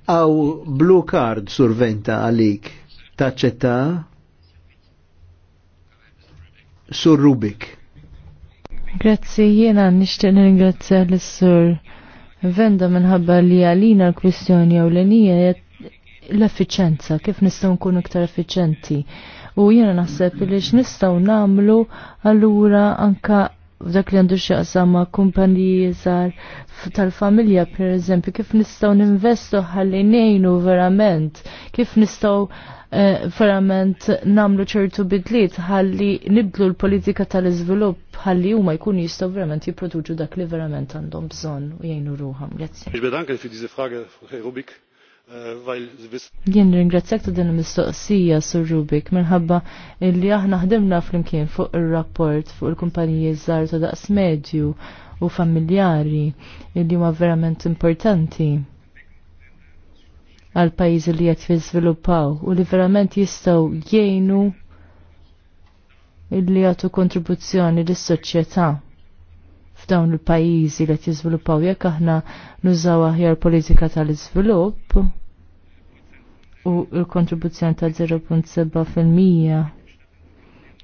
Aw blue card surventa għalik taċċetta Sur Rubik. Grazzi, jiena nishtiq ringrazzja l-Sur Venda minħabba li għalina l-kwistjoni għaw l-enija l-effiċenza, kif nistaw nkunu iktar effiċenti. U jiena naħseb li x'nistgħu namlu allura anka f'dak li għandu xaqsam ma' kumpaniji żgħar tal-familja pereżempju kif nistgħu ninvestu ħalli ngħinu verament, kif nistgħu eh, verament namlu ċertu bidliet ħalli niblu l-politika tal-izvilupp ħalli huma jkun jistgħu verament jipproduġu dak li verament għandhom bżonn u jgħinu ruħam. Grazzi. Ich bedanke für diese Frage, Herr Rubik. Jien ringrazzjak ta' din il-mistoqsija sur Rubik minħabba li aħna ħdimna flimkien fuq ir-rapport fuq il-kumpaniji żgħar ta' daqs medju u familjari li huma verament importanti għal pajjiżi li qed jiżviluppaw u li verament jistgħu jgħinu illi jagħtu kontribuzzjoni lis-soċjetà f'dawn il-pajjiżi li qed jiżviluppaw jekk aħna nużaw aħjar politika tal-iżvilupp u l-kontribuzzjoni ta' 0.7%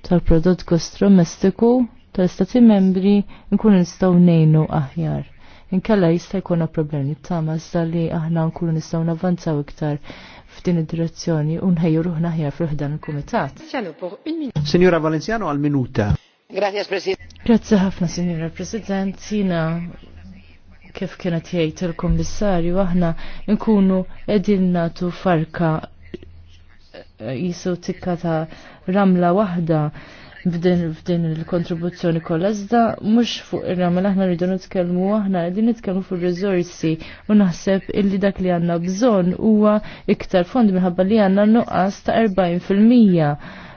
tal-prodott kost tal-istati membri nkun nistgħu ngħinu aħjar. Inkella jista' jkollna problemi tama iżda li aħna nkunu nistgħu navvanzaw iktar f'din id-direzzjoni u nħejju ruħna aħjar fil-ħdan il-kumitat. Signora Valenziano għal minuta. Grazie, President. Grazie ħafna, Signora President. Sina kif kienet jgħid il-Kummissarju aħna nkunu qegħdin nagħtu farka eh, jisu tikka ta' ramla waħda f'din il-kontribuzzjoni kollha iżda mhux fuq ir-ramel aħna rridu nitkellmu aħna qegħdin nitkellmu ir riżorsi u naħseb illi dak li għandna bżonn huwa iktar fond minħabba li għandna nuqqas ta' 40 fil-mija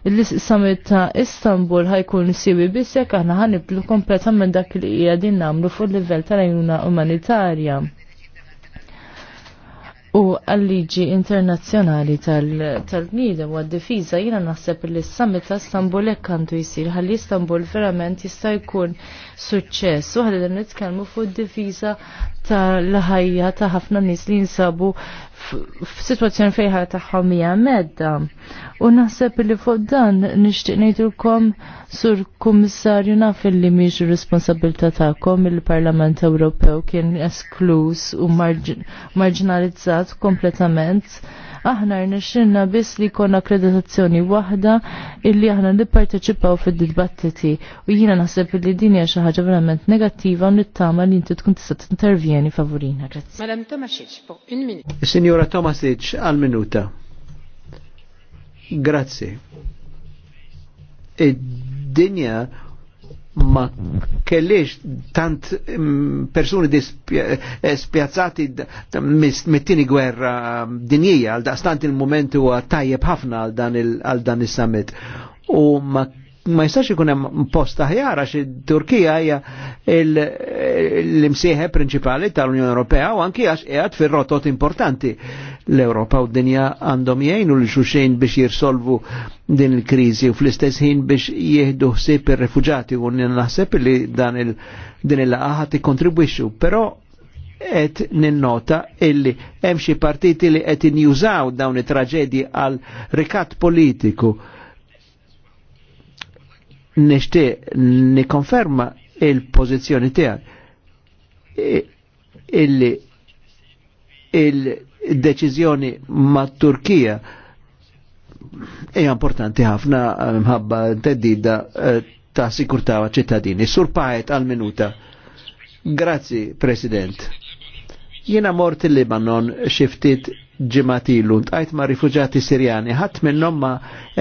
il-summit ta' Istanbul ħajkun siwi biss jekk aħna ħaniblu kompletament dak li hija din nagħmlu fuq livell tal għajuna umanitarja u għalliġi internazzjonali tal-bnida u għad-difiża jina naħseb li s-summit ta' Istanbul hekk għandu jisir ħalli Istanbul verament jista' jkun suċċess u ħalli nitkellmu fuq id-difiża tal-ħajja ta' ħafna nies li jinsabu f-situazzjoni fejħa taħħom hija medda. U naħseb li fuq dan nixtieq ngħidulkom sur kummissarju naf li mhix ir-responsabilità tagħkom il-Parlament Ewropew kien esklus u marginalizzat kompletament aħna rnexxinna biss li jkollna akkreditazzjoni waħda illi aħna nipparteċipaw fid-dibattiti u jiena naħseb li din hija xi ħaġa verament negattiva u nittama li inti tkun tista' tintervjeni favorina. Grazzi. Madam Tomasic, in minuta. Signora Tomasic, għal minuta. Grazzi. Id-dinja ma kellix tant mm, persuni spjazzati eh, mit gwerra mm, dinjija għal daqstant il momentu huwa tajjeb ħafna għal dan il-summit u ma ma jistax ikun hemm post aħjar għax Turkija hija l-imsieħe prinċipali tal-Unjoni Ewropea u anki għax qiegħed fir-rotot importanti. L-Ewropa u d-dinja għandhom u l xuxejn biex jirsolvu din il-kriżi u fl-istess ħin biex jieħdu ħsieb ir-refuġati u naħseb li dan il din il-laqaħa tikkontribwixxu, però et ninnota illi hemm xi partiti li qed injużaw dawn it-traġedji għal rikat politiku ni nikonferma il-pozizjoni tijak illi il-deċiżjoni ma' Turkija hija importanti ħafna mħabba teddida eh, ta' sikurtà ċittadini. Sur Paet għal minuta. Grazzi, President. Jiena mort il-Libanon xiftit ġematilu, tajt ma' rifugjati sirjani, ħadd minnhom ma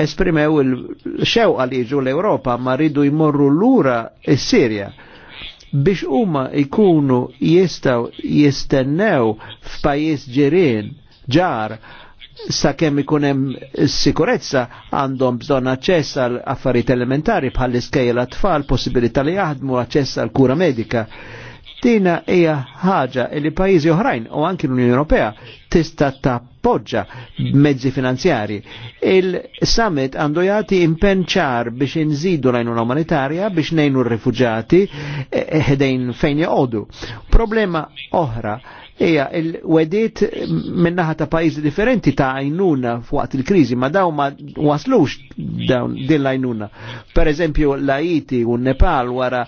esprimew il-xewqa li jiġu l-Ewropa ma ridu jmorru lura s-Sirja biex huma jkunu jistaw jistennew f'pajjiż ġirien ġar sakemm ikun hemm sikurezza għandhom bżonn aċċess għal affarijiet elementari bħal l tfal, possibilità li jaħdmu aċċess għal kura medika Dina hija ħaġa li pajjiżi oħrajn u anki l-Unjoni Ewropea tista tappoġġa mezzi finanzjari. Il-summit għandu jagħti impenn ċar biex inżidu l-għajnuna umanitarja biex nejnu r-rifuġati eh, eh, ħdejn fejn joqogħdu. Problema oħra hija il-wedit minnaħa ta' pajjiżi differenti ta' għajnuna fuqat il krizi ma daw ma waslux din l-għajnuna. Per eżempju l-Haiti u Nepal wara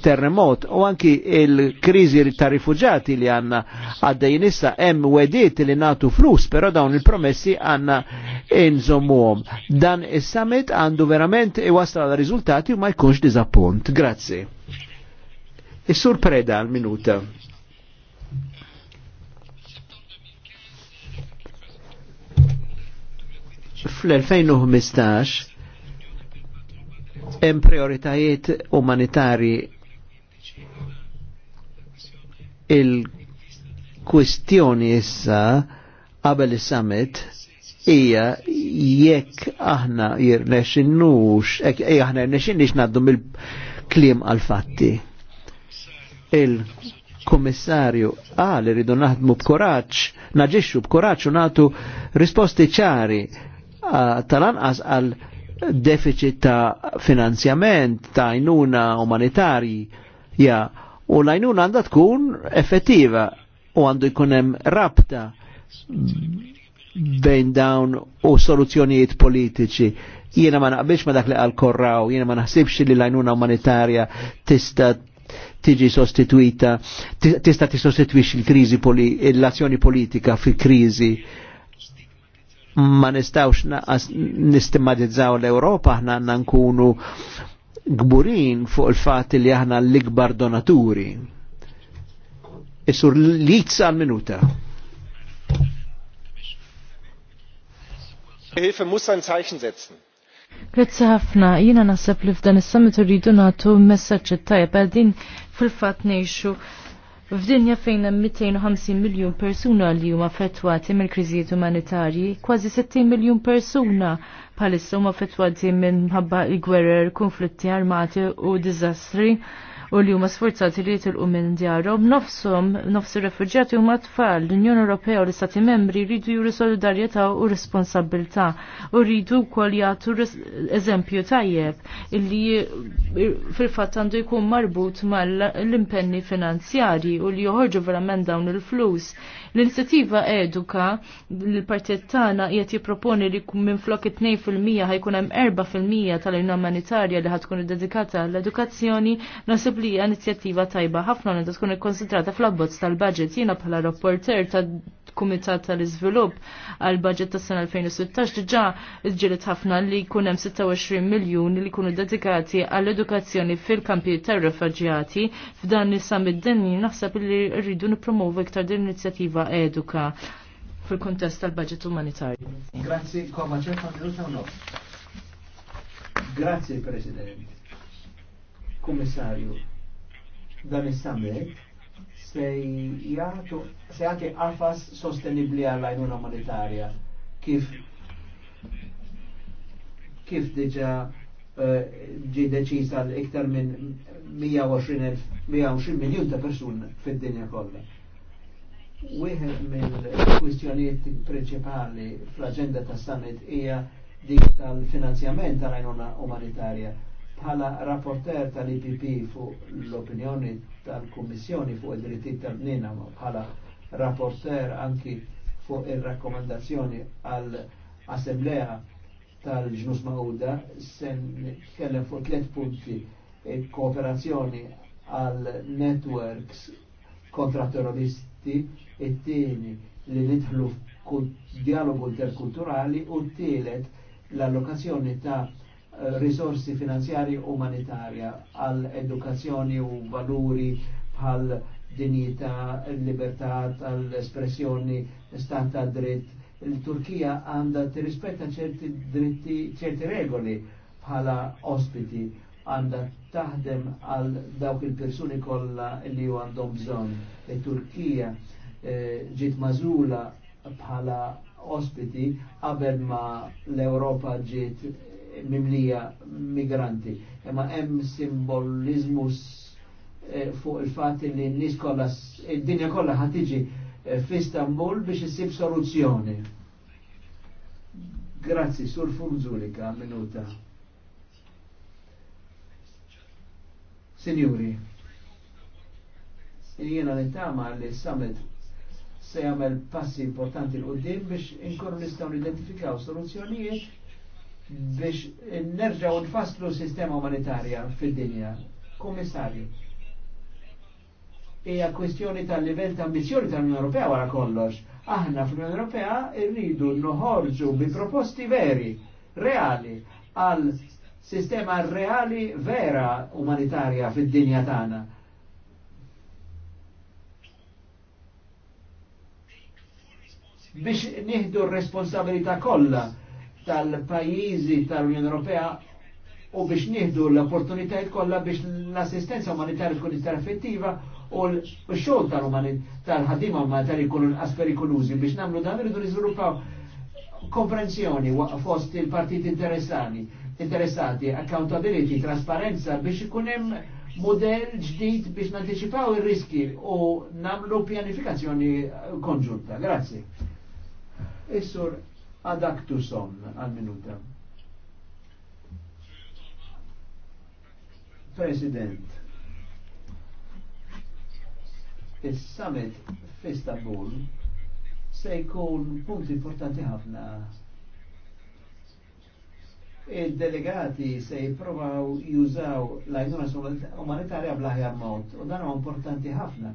terremot u anki il krizi ta' rifugjati li għanna għaddejnissa issa hemm wedit li natu flus, però dawn il-promessi għanna għom. Dan is-summit għandu verament wasla l rizultati u ma jkunx dizappunt. Grazzi. Is-sur preda minuta fl-2015 hemm prioritajiet umanitari il-kwistjoni issa qabel is-summit hija jekk aħna jirnexinux, jekk eh, aħna jirnexinux naddu mill kliem għal-fatti. il kummissarju qal irridu naħdmu b'kuraġġ, naġixxu b'kuraġġ u nagħtu risposti ċari Ah, tal-anqas għal deficit ta' finanzjament, ta' jnuna ja, u l-għajnuna għandha tkun effettiva u għandu jkunem rabta bejn dawn u soluzzjonijiet politiċi. Jiena ma naqbilx ma dak li għal korraw, jiena ma naħsibx li l-għajnuna umanitarja tista' tiġi sostituita, tista' tisostitwix il-kriżi, l-azzjoni politika krizi. kriżi ma nistawx nistimmatizzaw l-Europa, aħna għanna nkunu gburin fuq il-fat li aħna l-ikbar donaturi. Isur li tsal minuta Hilfe muss ein Zeichen setzen. Grazzi ħafna, jina nasab li f'dan is-summit rridu nagħtu messaġġ tajjeb din fil-fatt ngħixu F'dinja fejn hemm 250 miljun persuna li huma affettwati mill-kriżijiet umanitarji, kważi 60 miljun persuna bħalissa huma affettwati minħabba l-gwerer, konflitti armati u diżastri u li huma sforzati li jitilqu minn djarhom nofshom nofs ir-refuġjati huma tfal l-Unjoni Ewropea u l-Istati Membri jridu juru solidarjetà u responsabilità u rridu wkoll jagħtu eżempju tajjeb illi fil-fatt għandu jkun marbut mal-impenni finanzjarji u li joħorġu verament dawn il-flus L-inizjattiva eduka l-partit tagħna qiegħed jipproponi li minn flok 2% ħajkun hemm 4% tal-għajnuna umanitarja li ħatkun dedikata l-edukazzjoni nasib li hija inizjattiva tajba ħafna li tkun ikkonsidrata fl-abbozz tal-budget jiena bħala rapporter ta' kumitat tal-Iżvilupp għal budget tas sena 2016 diġà ġġieled ħafna li jkun hemm 26 miljun li jkunu dedikati għall edukazzjoni fil-kampi tar-refuġjati f'dan is-summit dinni naħseb li rridu nipromovu iktar din inizjativa inizjattiva eduka fil-kontest tal-budget umanitarju. Grazzi, koma ċefan, Grazie, Presidente. Commissario, Grazzi, President. Kummissarju, dan is-summit se se jgħati qafas sostenibli għall-għajnuna monetarja kif kif diġa eh, ġi deċiż għal iktar minn 120 ta' fid-dinja kollha. Wieħed mill-kwistjonijiet prinċipali fl-aġenda ta' summit hija dik tal-finanzjament tal-għajnuna umanitarja bħala rapporter tal-IPP fuq l-opinjoni tal-Kummissjoni fuq id-drittijiet tal-bnina bħala rapporter anki fuq il rakkomandazzjoni għall assemblea tal-ġnus Mauda sen kellem fuq tliet punti kooperazzjoni għal networks kontra terroristi it-tieni li nidħlu dialogu interkulturali u t-tielet l-allokazzjoni ta' risorsi finanzjari umanitarja għal edukazzjoni u valuri bħal dinjità, libertà tal-espressjoni, stat ta' dritt. Il-Turkija għandha tirrispetta ċerti dritti, ċerti regoli bħala ospiti għanda taħdem għal dawk il-persuni kollha li ju għandhom bżonn. Il-Turkija eh, ġiet mażula bħala ospiti qabel ma l-Ewropa ġiet mimlija migranti. Imma hemm simbolizmus eh, fuq il-fatt li n-nies kollha id-dinja kollha ħatiġi tiġi eh, f'Istanbul biex issib soluzzjoni. Grazzi, sur Funzulika, minuta. Signori, jiena li tama li summit se jagħmel passi importanti l-qudiem biex inkunu nistgħu nidentifikaw soluzzjonijiet biex nerġaw nfasslu sistema umanitarja fid-dinja. Kommissarju, hija kwestjoni tal-livell ta' ambizjoni tal-Unjoni Ewropea wara kollox. Aħna fl-Unjoni Ewropea rridu noħorġu bi proposti veri, reali, għal sistema reali vera umanitarja fid-dinja tagħna. biex nieħdu r-responsabilità kollha tal-pajizi tal-Unjoni Ewropea u biex nieħdu l-opportunitajiet kollha biex l-assistenza umanitarja tkun iktar effettiva u l-xogħol tal-ħaddiema umanitarja jkunu inqas perikolużi biex nagħmlu dan iridu niżviluppaw komprensjoni fost il-partiti interessati, interessati, accountability, trasparenza biex ikun hemm model ġdid biex nanticipaw ir-riski u namlu pjanifikazzjoni konġunta. Grazie. Is-sur għad aktusom għal-minuta. President, il-summit f'Istanbul se jkun punt importanti ħafna. Il-delegati se jipprovaw jużaw l ajnuna umanitarja bl ħajar mod u dan importanti ħafna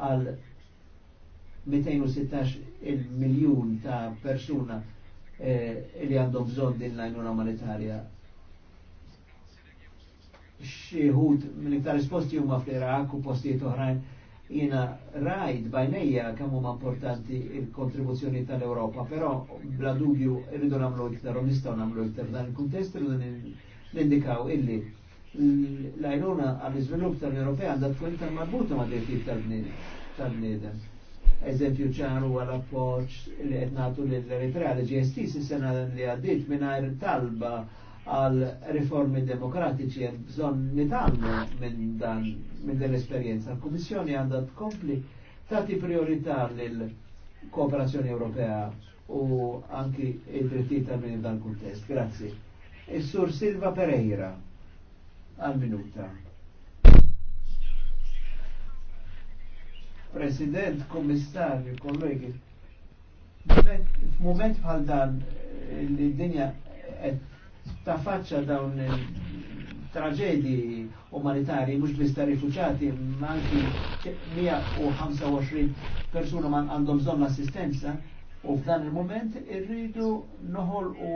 għal 216 miljun ta' persuna eh, li għandhom bżon din l-għajnuna umanitarja. Xieħut minn iktar risposti huma fl-Iraq u postijiet oħrajn jiena rajt bajnejja kemm huma importanti il-kontribuzzjoni tal-Ewropa, però bla dubju irridu nagħmlu iktar u nistgħu nagħmlu iktar dan il-kuntest irridu nindikaw illi l-għajnuna għall izvilup tal-Ewropea għandha tkun tal marbuta ma' drittijiet tal bnidem eżempju ċaru għal appoġġ li qed nagħtu lill-Eritrea li s sena li għaddiet mingħajr talba għal riformi demokratiċi għed bżon nitalmu minn dan minn din l esperienza l komissjoni għandha tkompli tati priorità l kooperazzjoni Ewropea u anki id-drittijiet tal-min dan kuntest. Grazie. il sur Silva Pereira għal minuta. President, Komissarju, kollegi, f'moment bħal dan eh, li dinja eh, ta' faċċa dawn eh, traġedi umanitari mhux biss ta' rifuċati, manki 125 persuna man għandhom bżonn assistenza u f'dan il-moment irridu noħol u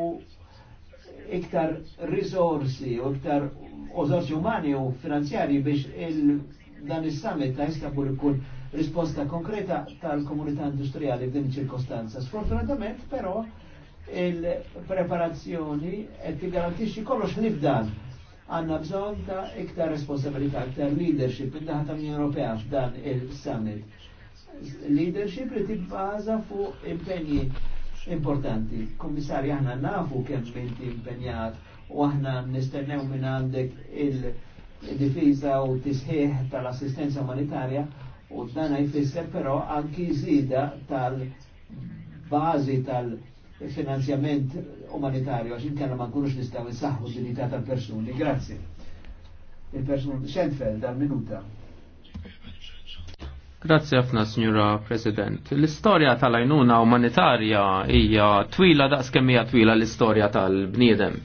iktar risorsi u iktar ozorsi umani u finanzjari biex il dan is-summit ta' Istanbul ikun risposta konkreta tal-komunità industrijali f'din ċirkostanza. Sfortunatament, però, il-preparazzjoni qed tiggarantixxi kollox li f'dan għanna bżon ta' iktar responsabilità, iktar leadership id daħta ta' Unjoni Ewropea f'dan il-summit. Leadership li tibbaża fuq impenji importanti. Kommissarja aħna nafu kemm inti impenjat u aħna nistennew minn għandek il-difiża u tisħiħ tal-assistenza umanitarja U dan jfisser però anki żieda tal-bażi tal-finanzjament umanitarju għax inkella ma nkunux nistgħu nsaħħu d-dinjità tal-persuni. Grazzi. Il-person Schenfeld dal-minuta. Grazie ħafna, Signora President. L-istorja tal-ajnuna umanitarja hija twila daqs kemm hija twila l-istorja tal-bniedem.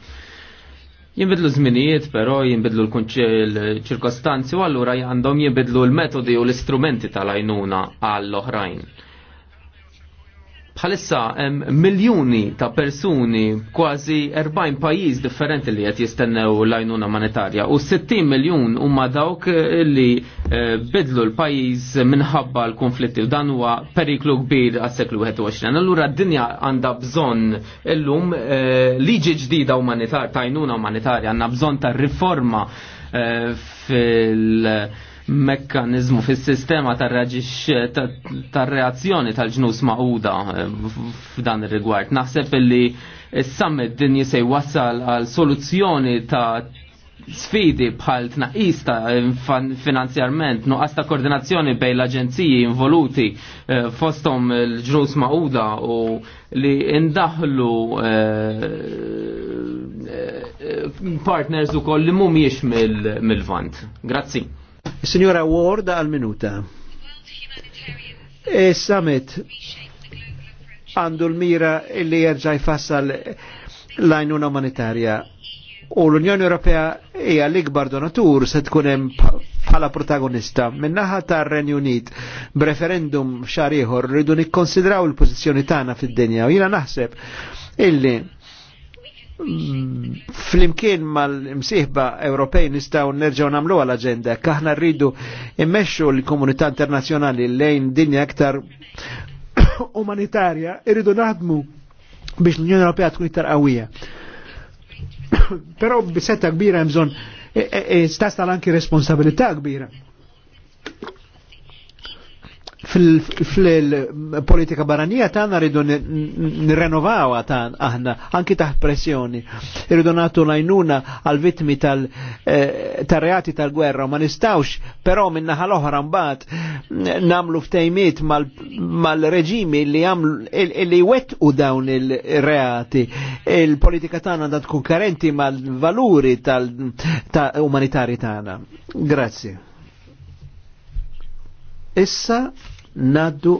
Jimbidlu zminijiet, pero jimbidlu l-ċirkostanzi u allura għandhom jimbidlu l-metodi u l-istrumenti tal-għajnuna għall-oħrajn. Bħalissa hemm miljuni ta' persuni kważi 40 pajjiż differenti li qed jistennew l-għajnuna monetarja u 60 miljun huma dawk li bidlu l-pajjiż minħabba l-konflitti u dan huwa periklu kbir għas-seklu 21. Allura d-dinja għandha bżonn illum eh, liġi ġdida umanitar, tajnuna umanitarja, għandha bżonn ta' riforma eh, fil- mekkanizmu fis sistema tar-reazzjoni tal-ġnus ma'uda eh, f'dan ir-rigward. Naħseb li s-summit din jisej wassal għal soluzzjoni ta' sfidi bħal tnaqis ta' finanzjarment, nuqqas ta' koordinazzjoni bej l-aġenziji involuti eh, fostom l-ġrus ma'uda u li indaħlu eh, eh partners u koll li mumiex mill-vant. Mil Grazzi. Signora Ward għal-minuta. E summit għandu l-mira li jerġaj fassal l ajnuna umanitarja u l-Unjoni Ewropea hija l-ikbar donatur se tkun hemm bħala protagonista. Min-naħa tar-Renju Unit b'referendum xahar ieħor rridu nikkonsidraw il-pożizzjoni tagħna fid-dinja u jiena naħseb illi mm, flimkien mal-msieħba Ewropej nistaw nerġaw namlu għal-agenda, kaħna rridu immexxu l-komunità internazjonali lejn dinja aktar umanitarja, irridu naħdmu biex l-Unjoni Ewropea tkun iktar qawwija. Però b'setta kbira bżon e, e, e anki responsabilità kbira fil-politika baranija tagħna rridu nirrenovawa tan aħna anki taħt pressjoni. Irridu natu najnuna għal vitmi tal-reati eh, tal-gwerra ma nistawx però minna ħal oħra mbagħad namlu ftejmiet mal-reġimi li wet u dawn il-reati. Il-politika tagħna għandha konkurenti mal-valuri tal-umanitari tana. Grazie. Issa Naddu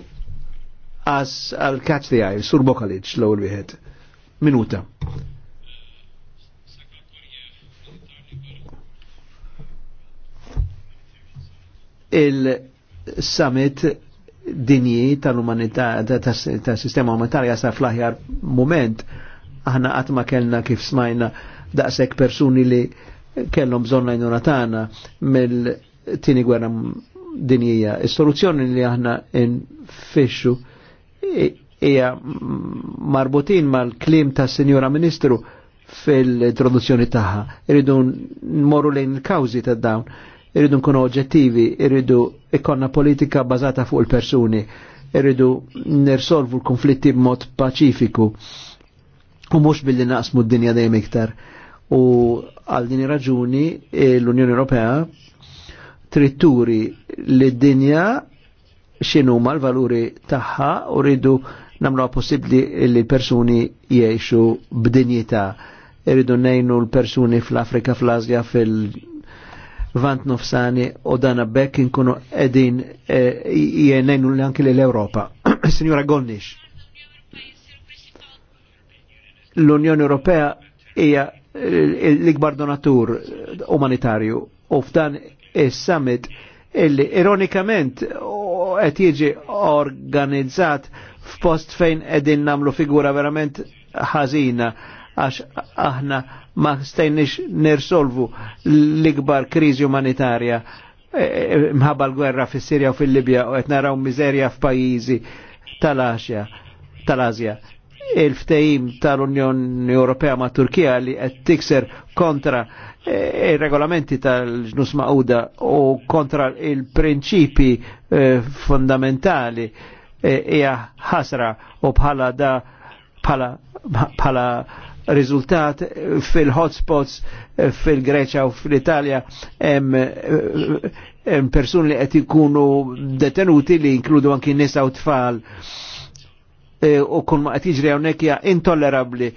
għas għal kaċ di għaj, sur Bokalic l-għol wieħed. Minuta. Il-summit dinji tal-umanità, tal-sistema umanitarja sa' fl moment, aħna għatma kellna kif smajna daqsek persuni li kellhom bżonna jnuna tagħna mill tini gwerra dinjija. Is-soluzzjoni li aħna nfixxu hija marbutin mal-klim ta' Sinjora Ministru fil-introduzzjoni tagħha. Irridu nmorru lejn il-kawżi ta' dawn, irridu nkunu oġġettivi, irridu ikonna politika bażata fuq il-persuni, irridu nirsolvu l-konflitti b'mod paċifiku u mhux billi naqsmu d-dinja dejjem iktar. U għal din raġuni l-Unjoni Ewropea trituri li dinja xinu ma l-valuri taħħa u rridu namlu possibli li l-persuni jiexu b'dinjita. Rridu nejnu l-persuni fl-Afrika, fl-Azja, fil-Vant Nofsani u dana bekk inkunu edin eh, li l-anki l-Europa. Signora Gonnix, l-Unjoni Europea hija l-ikbar donatur umanitarju u f'dan is-summit illi ironikament qed jiġi organizzat f'post fejn qegħdin namlu figura verament ħażina għax aħna ma stajniex nirsolvu l-ikbar kriżi umanitarja e, e, mħabba l-gwerra fis sirja u fil-Libja u qed naraw miżerja f'pajjiżi tal-Asja tal-Azja. Il-ftehim tal-Unjoni Ewropea ma' Turkija li qed tikser kontra E, e regolamenti tal-ġnus ma'uda u kontra il-prinċipi e, fundamentali hija ħasra u bħala da bħala riżultat fil-hotspots fil-Greċa u fil-Italja hemm persuni li qed ikunu detenuti li inkludu anki nisa u tfal u kun ma qed jiġri hawnhekk hija intollerabbli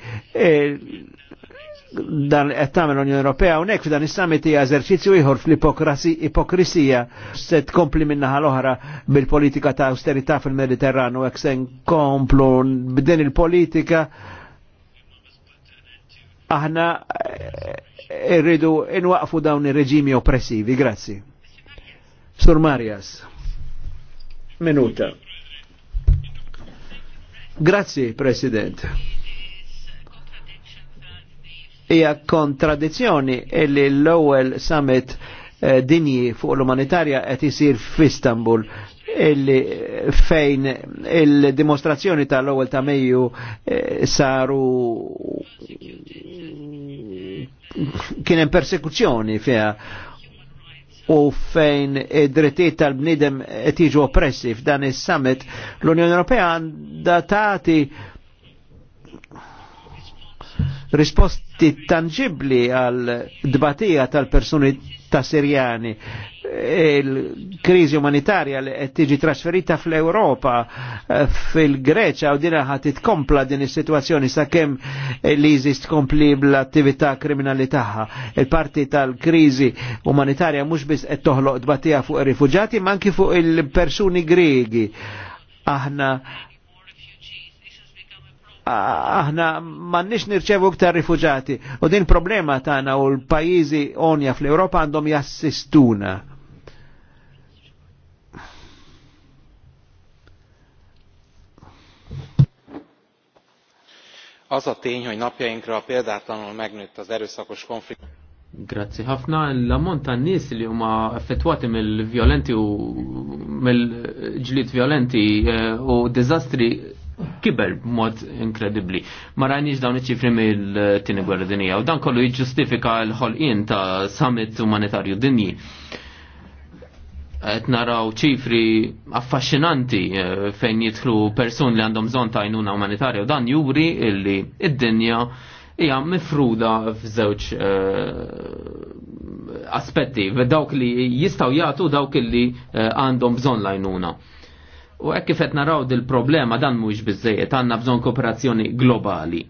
dan qed tagħmel l-Unjoni Ewropea nek f'dan is-summit hija eżerċizzju ieħor fl-ipokrisija se tkompli minnaħa l-oħra bil-politika ta' austerità fil-Mediterranu hekk se nkomplu b'din il-politika aħna eh, irridu inwaqfu dawn ir-reġimi oppressivi. Grazzi. Sur Marias. Minuta. Grazzi, President hija kontradizzjoni illi l-ewwel summit eh, dinji fuq l-umanitarja qed isir f'Istanbul illi fejn il-dimostrazzjoni tal-ewwel ta' Mejju eh, saru kien hemm persekuzzjoni fiha u fejn id-drittijiet tal-bnidem qed jiġu oppressi f'dan is-summit, l-Unjoni Ewropea għandha tagħti risposta effetti tangibli għal dbatija tal-persuni ta' Sirjani. Il-krizi umanitarja li qed tiġi trasferita fl-Europa, eh, fil-Greċa u dinha ħadd itkompla din is-sitwazzjoni sakemm li jżist tkompli bl-attività kriminali tagħha. Il-parti tal-krizi umanitarja mhux biss qed toħloq dbatija fuq ir-rifuġati, ma anki fuq il-persuni Gregi. Aħna aħna mannix nirċevu iktar rifugjati. U din problema tagħna u l-pajjiżi onja fl-Ewropa għandhom jassistuna. Az a tény, hogy napjainkra példátlanul megnőtt az erőszakos konfliktus. Grazzi ħafna l-ammont ta' nies li huma effettwati mill-violenti u mill-ġlit violenti eh, u dizastri kiber b'mod inkredibbli. Ma rajniex dawn iċ-ċifri mill-tieni gwerra dinija u dan kollu jiġġustifika l-ħolqien ta' summit umanitarju dinji. Qed naraw ċifri affaxxinanti eh, fejn jidħlu persuni li għandhom bżonn ta' għajnuna umanitarja u dan juri illi id-dinja hija mifruda f'żewġ eh, aspetti, dawk li jistgħu jagħtu dawk li eh, għandhom bżonn l U hekk kif qed naraw dil-problema dan mhuwiex biżejjed għandna bżonn kooperazzjoni globali.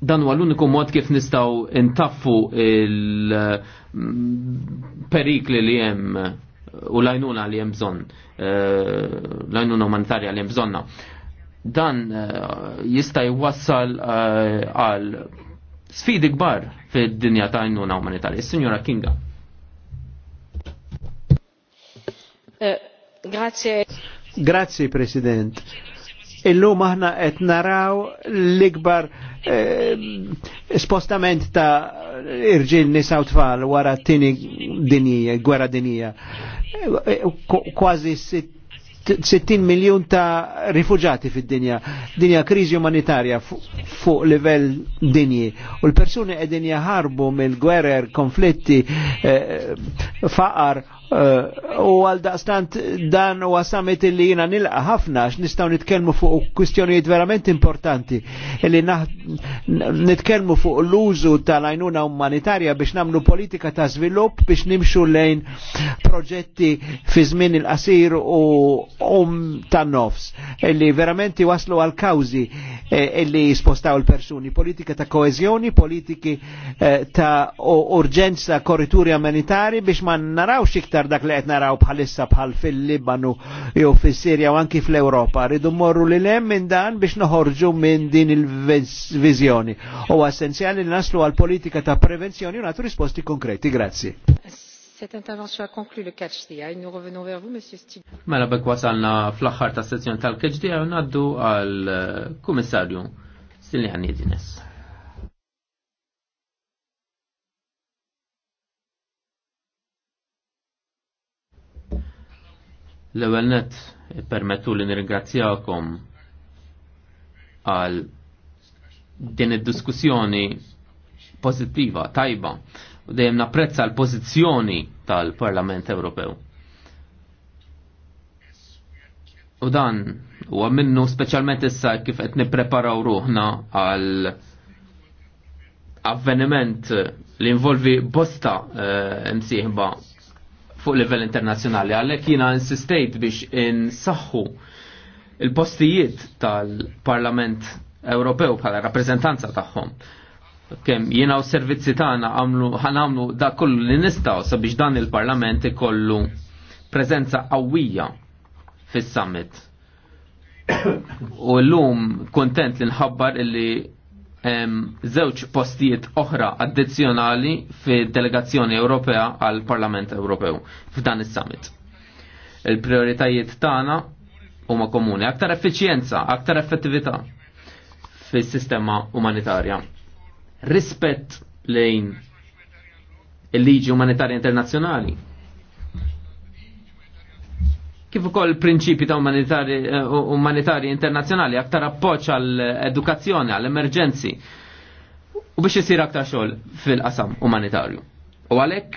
Dan huwa l-uniku mod kif nistgħu intaffu il-perikli mm, li hemm u lajnuna li hemm bżonn, eh, lajnuna umanitarja li hemm bżonna. Dan eh, jista' jwassal eh, għal sfidi kbar fid-dinja ta' għajnuna umanitarja. Is-Sinjora Kinga. Eh, grazie. Grazie, President. Illum aħna qed naraw l-ikbar eh, spostament ta' irġiel nisa tfal wara t tini dinija, gwera dinija. Eh, kważi 60 miljon ta' rifugjati fid-dinja, dinja kriżi umanitarja fuq livell dinji. U l-persuni qegħdin jaħarbu mill-gwerer, konflitti, eh, faqar Eh, u għal daqstant dan u għasamit li jina nilqa ħafna x nistaw nitkelmu fuq kwistjonijiet verament importanti li nitkelmu fuq l-użu tal ajnuna umanitarja biex namlu politika ta' svilupp biex nimxu lejn proġetti fi żmien il-qasir u um tan nofs li verament waslu għal kawzi eh, li spostaw il-persuni politika ta' koezjoni, politiki eh, ta' urġenza korrituri umanitari biex ma narawx iktar iktar dak li qed naraw bħalissa bħal fil-Libanu jew fis-Sirja u anki fl-Ewropa. Rridu morru li hemm minn dan biex noħorġu minn din il-viżjoni. U essenzjali li naslu għal politika ta' prevenzjoni u nagħtu risposti konkreti. Grazzi. Cette intervention a conclu le catch the eye. Nous revenons vers vous, Monsieur Stig. Mela bek wasalna fl-axħar ta' sezzjoni tal-catch DI u naddu għal eh, kummissarju Silja Nidines. L-ewwel net permettu li nirringrazzjakom għal din id-diskussjoni pozittiva, tajba, u dejjem napprezza l-pożizzjoni tal-Parlament Ewropew. U dan huwa minnu speċjalment issa kif qed nippreparaw ruħna għal avveniment li involvi bosta uh, msieħba fuq livell internazzjonali. Għalhekk jiena insistejt biex insaħħu il-postijiet tal-Parlament Ewropew bħala rappreżentanza tagħhom. Kemm jina u servizzi tagħna għamlu ħanamlu da kollu li nistgħu sabiex dan il-Parlament ikollu preżenza qawwija fis-summit. u l-lum kontent li nħabbar illi żewġ postijiet oħra addizzjonali fi delegazzjoni Ewropea għal Parlament Ewropew f'dan is-summit. Il-prioritajiet tagħna huma komuni, aktar effiċjenza, aktar effettività fis-sistema umanitarja. Rispett lejn il-liġi umanitarja internazzjonali, kif ukoll prinċipji ta' umanitarji eh, internazzjonali aktar appoġġ għall-edukazzjoni, għall-emerġenzi u biex isir aktar xogħol fil-qasam umanitarju. U għalhekk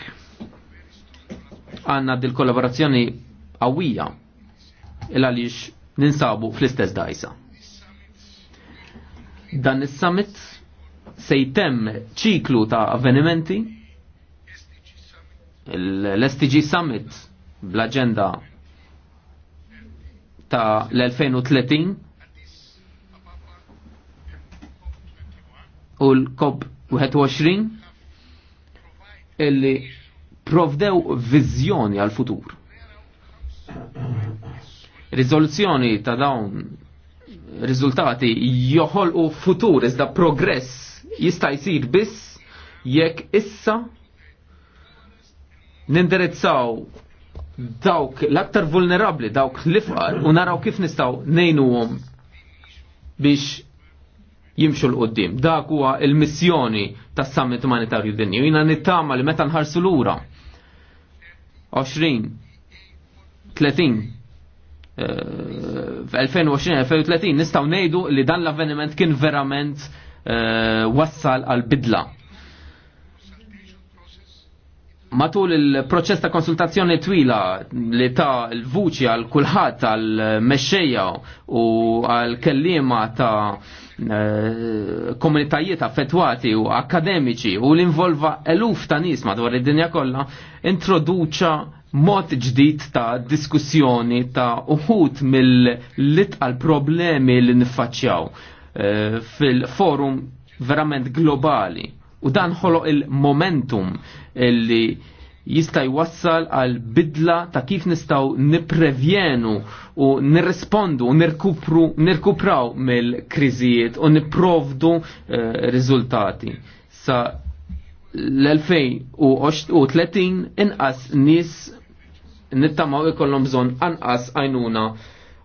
għandna dil kollaborazzjoni qawwija il għaliex ninsabu fl-istess dajsa. Dan is-summit se jtemm ċiklu ta' avvenimenti l-STG Summit bl-agenda ta' l-2030 u l-COP 21 illi provdew vizjoni għal futur. Rizoluzzjoni ta' dawn riżultati joħolqu futur iżda progress jista' jsir biss jekk issa nindirizzaw dawk l-aktar vulnerabli, dawk l-ifqar, u naraw kif nistaw għom biex jimxu l-qoddim. Dak huwa il-missjoni tas summit umanitarju dinji. Jina nittama li meta nħarsu lura 20, 30, f-2020-2030 nistaw nejdu li dan l-avveniment kien verament wassal għal bidla Matul il-proċess ta' konsultazzjoni twila li ta' l-vuċi għal kulħadd għal mexxejja u għal kellima ta' eh, komunitajiet affettwati u akademiċi u l-involva eluf ta' nies madwar id-dinja kollha introduċa mod ġdid ta' diskussjoni ta' uħut mill għal problemi li niffaċċjaw eh, fil-forum verament globali U dan ħoloq il-momentum illi jista' jwassal għal bidla ta' kif nistgħu niprevjenu u nirrispondu u nirkupru nirkupraw mill-kriżijiet u nipprovdu eh, riżultati. Sa l-2030 inqas nies nittamaw ikollhom bżonn anqas għajnuna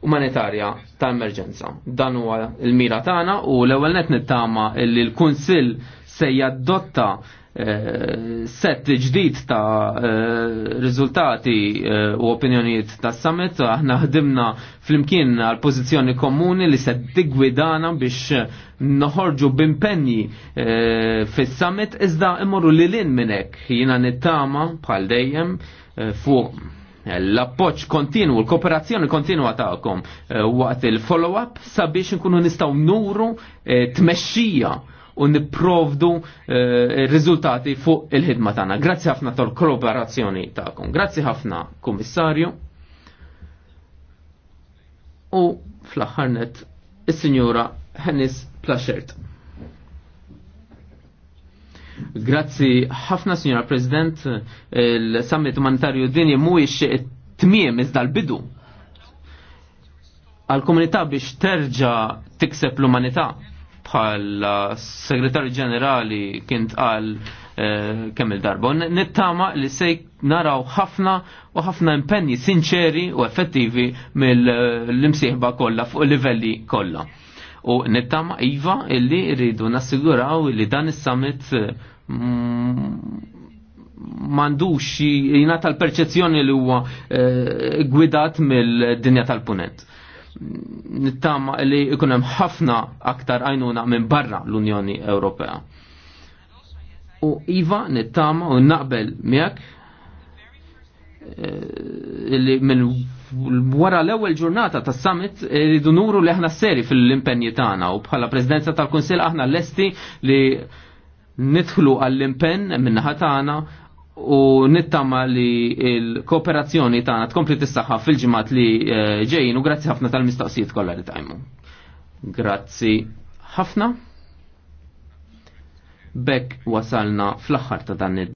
umanitarja ta' emerġenza. Dan huwa l-mira tagħna u l-ewwel nett nittama li l-Kunsill se jaddotta eh, set ġdid ta' eh, riżultati eh, u opinjonijiet ta' summit, aħna ħdimna flimkien għal pożizzjoni komuni li se digwidana biex noħorġu bimpenji fis summit iżda imorru li l-in minnek jina nittama bħal dejjem fuq l-appoċ kontinu, l-kooperazzjoni kontinua ta'kom waqt il-follow-up sabiex nkunu nistaw nuru tmexxija u niprovdu eh, riżultati fuq il-ħidma tagħna. Grazzi ħafna tal-kooperazzjoni tagħkom. Grazzi ħafna, Kummissarju. U fl-aħħar net is-Sinjura Hennis Plaxert. Grazzi ħafna, Sinjora President, il-Summit Umanitarju Dinji mhuwiex tmiem iżda l-bidu għal-komunità biex terġa tikseb l-umanità bħala segretarju ġenerali kien tqal eh, kemm il-darba. Nittama li se naraw ħafna u ħafna impenni sinċeri u effettivi mill-imsieħba kollha fuq livelli kollha. U nittama iva illi rridu nassiguraw li dan is-summit mandux mm, jina tal-perċezzjoni li huwa eh, gwidat mill-dinja tal-punent nittama li ikun hemm ħafna aktar għajnuna minn barra l-Unjoni Ewropea. U Iva nittama u naqbel miegħek eh, li minn wara l-ewwel ġurnata tas summit rridu nuru li aħna seri fil-impenji tagħna u bħala Presidenza tal-Kunsill aħna lesti li nidħlu għall-impenn minn tagħna u nittama li il-kooperazzjoni tagħna tkompli tissaħħa fil-ġimgħat li eh, ġejjin u grazzi ħafna tal-mistoqsijiet kollha li tajmu. Grazzi ħafna. Bekk wasalna fl-aħħar ta' dan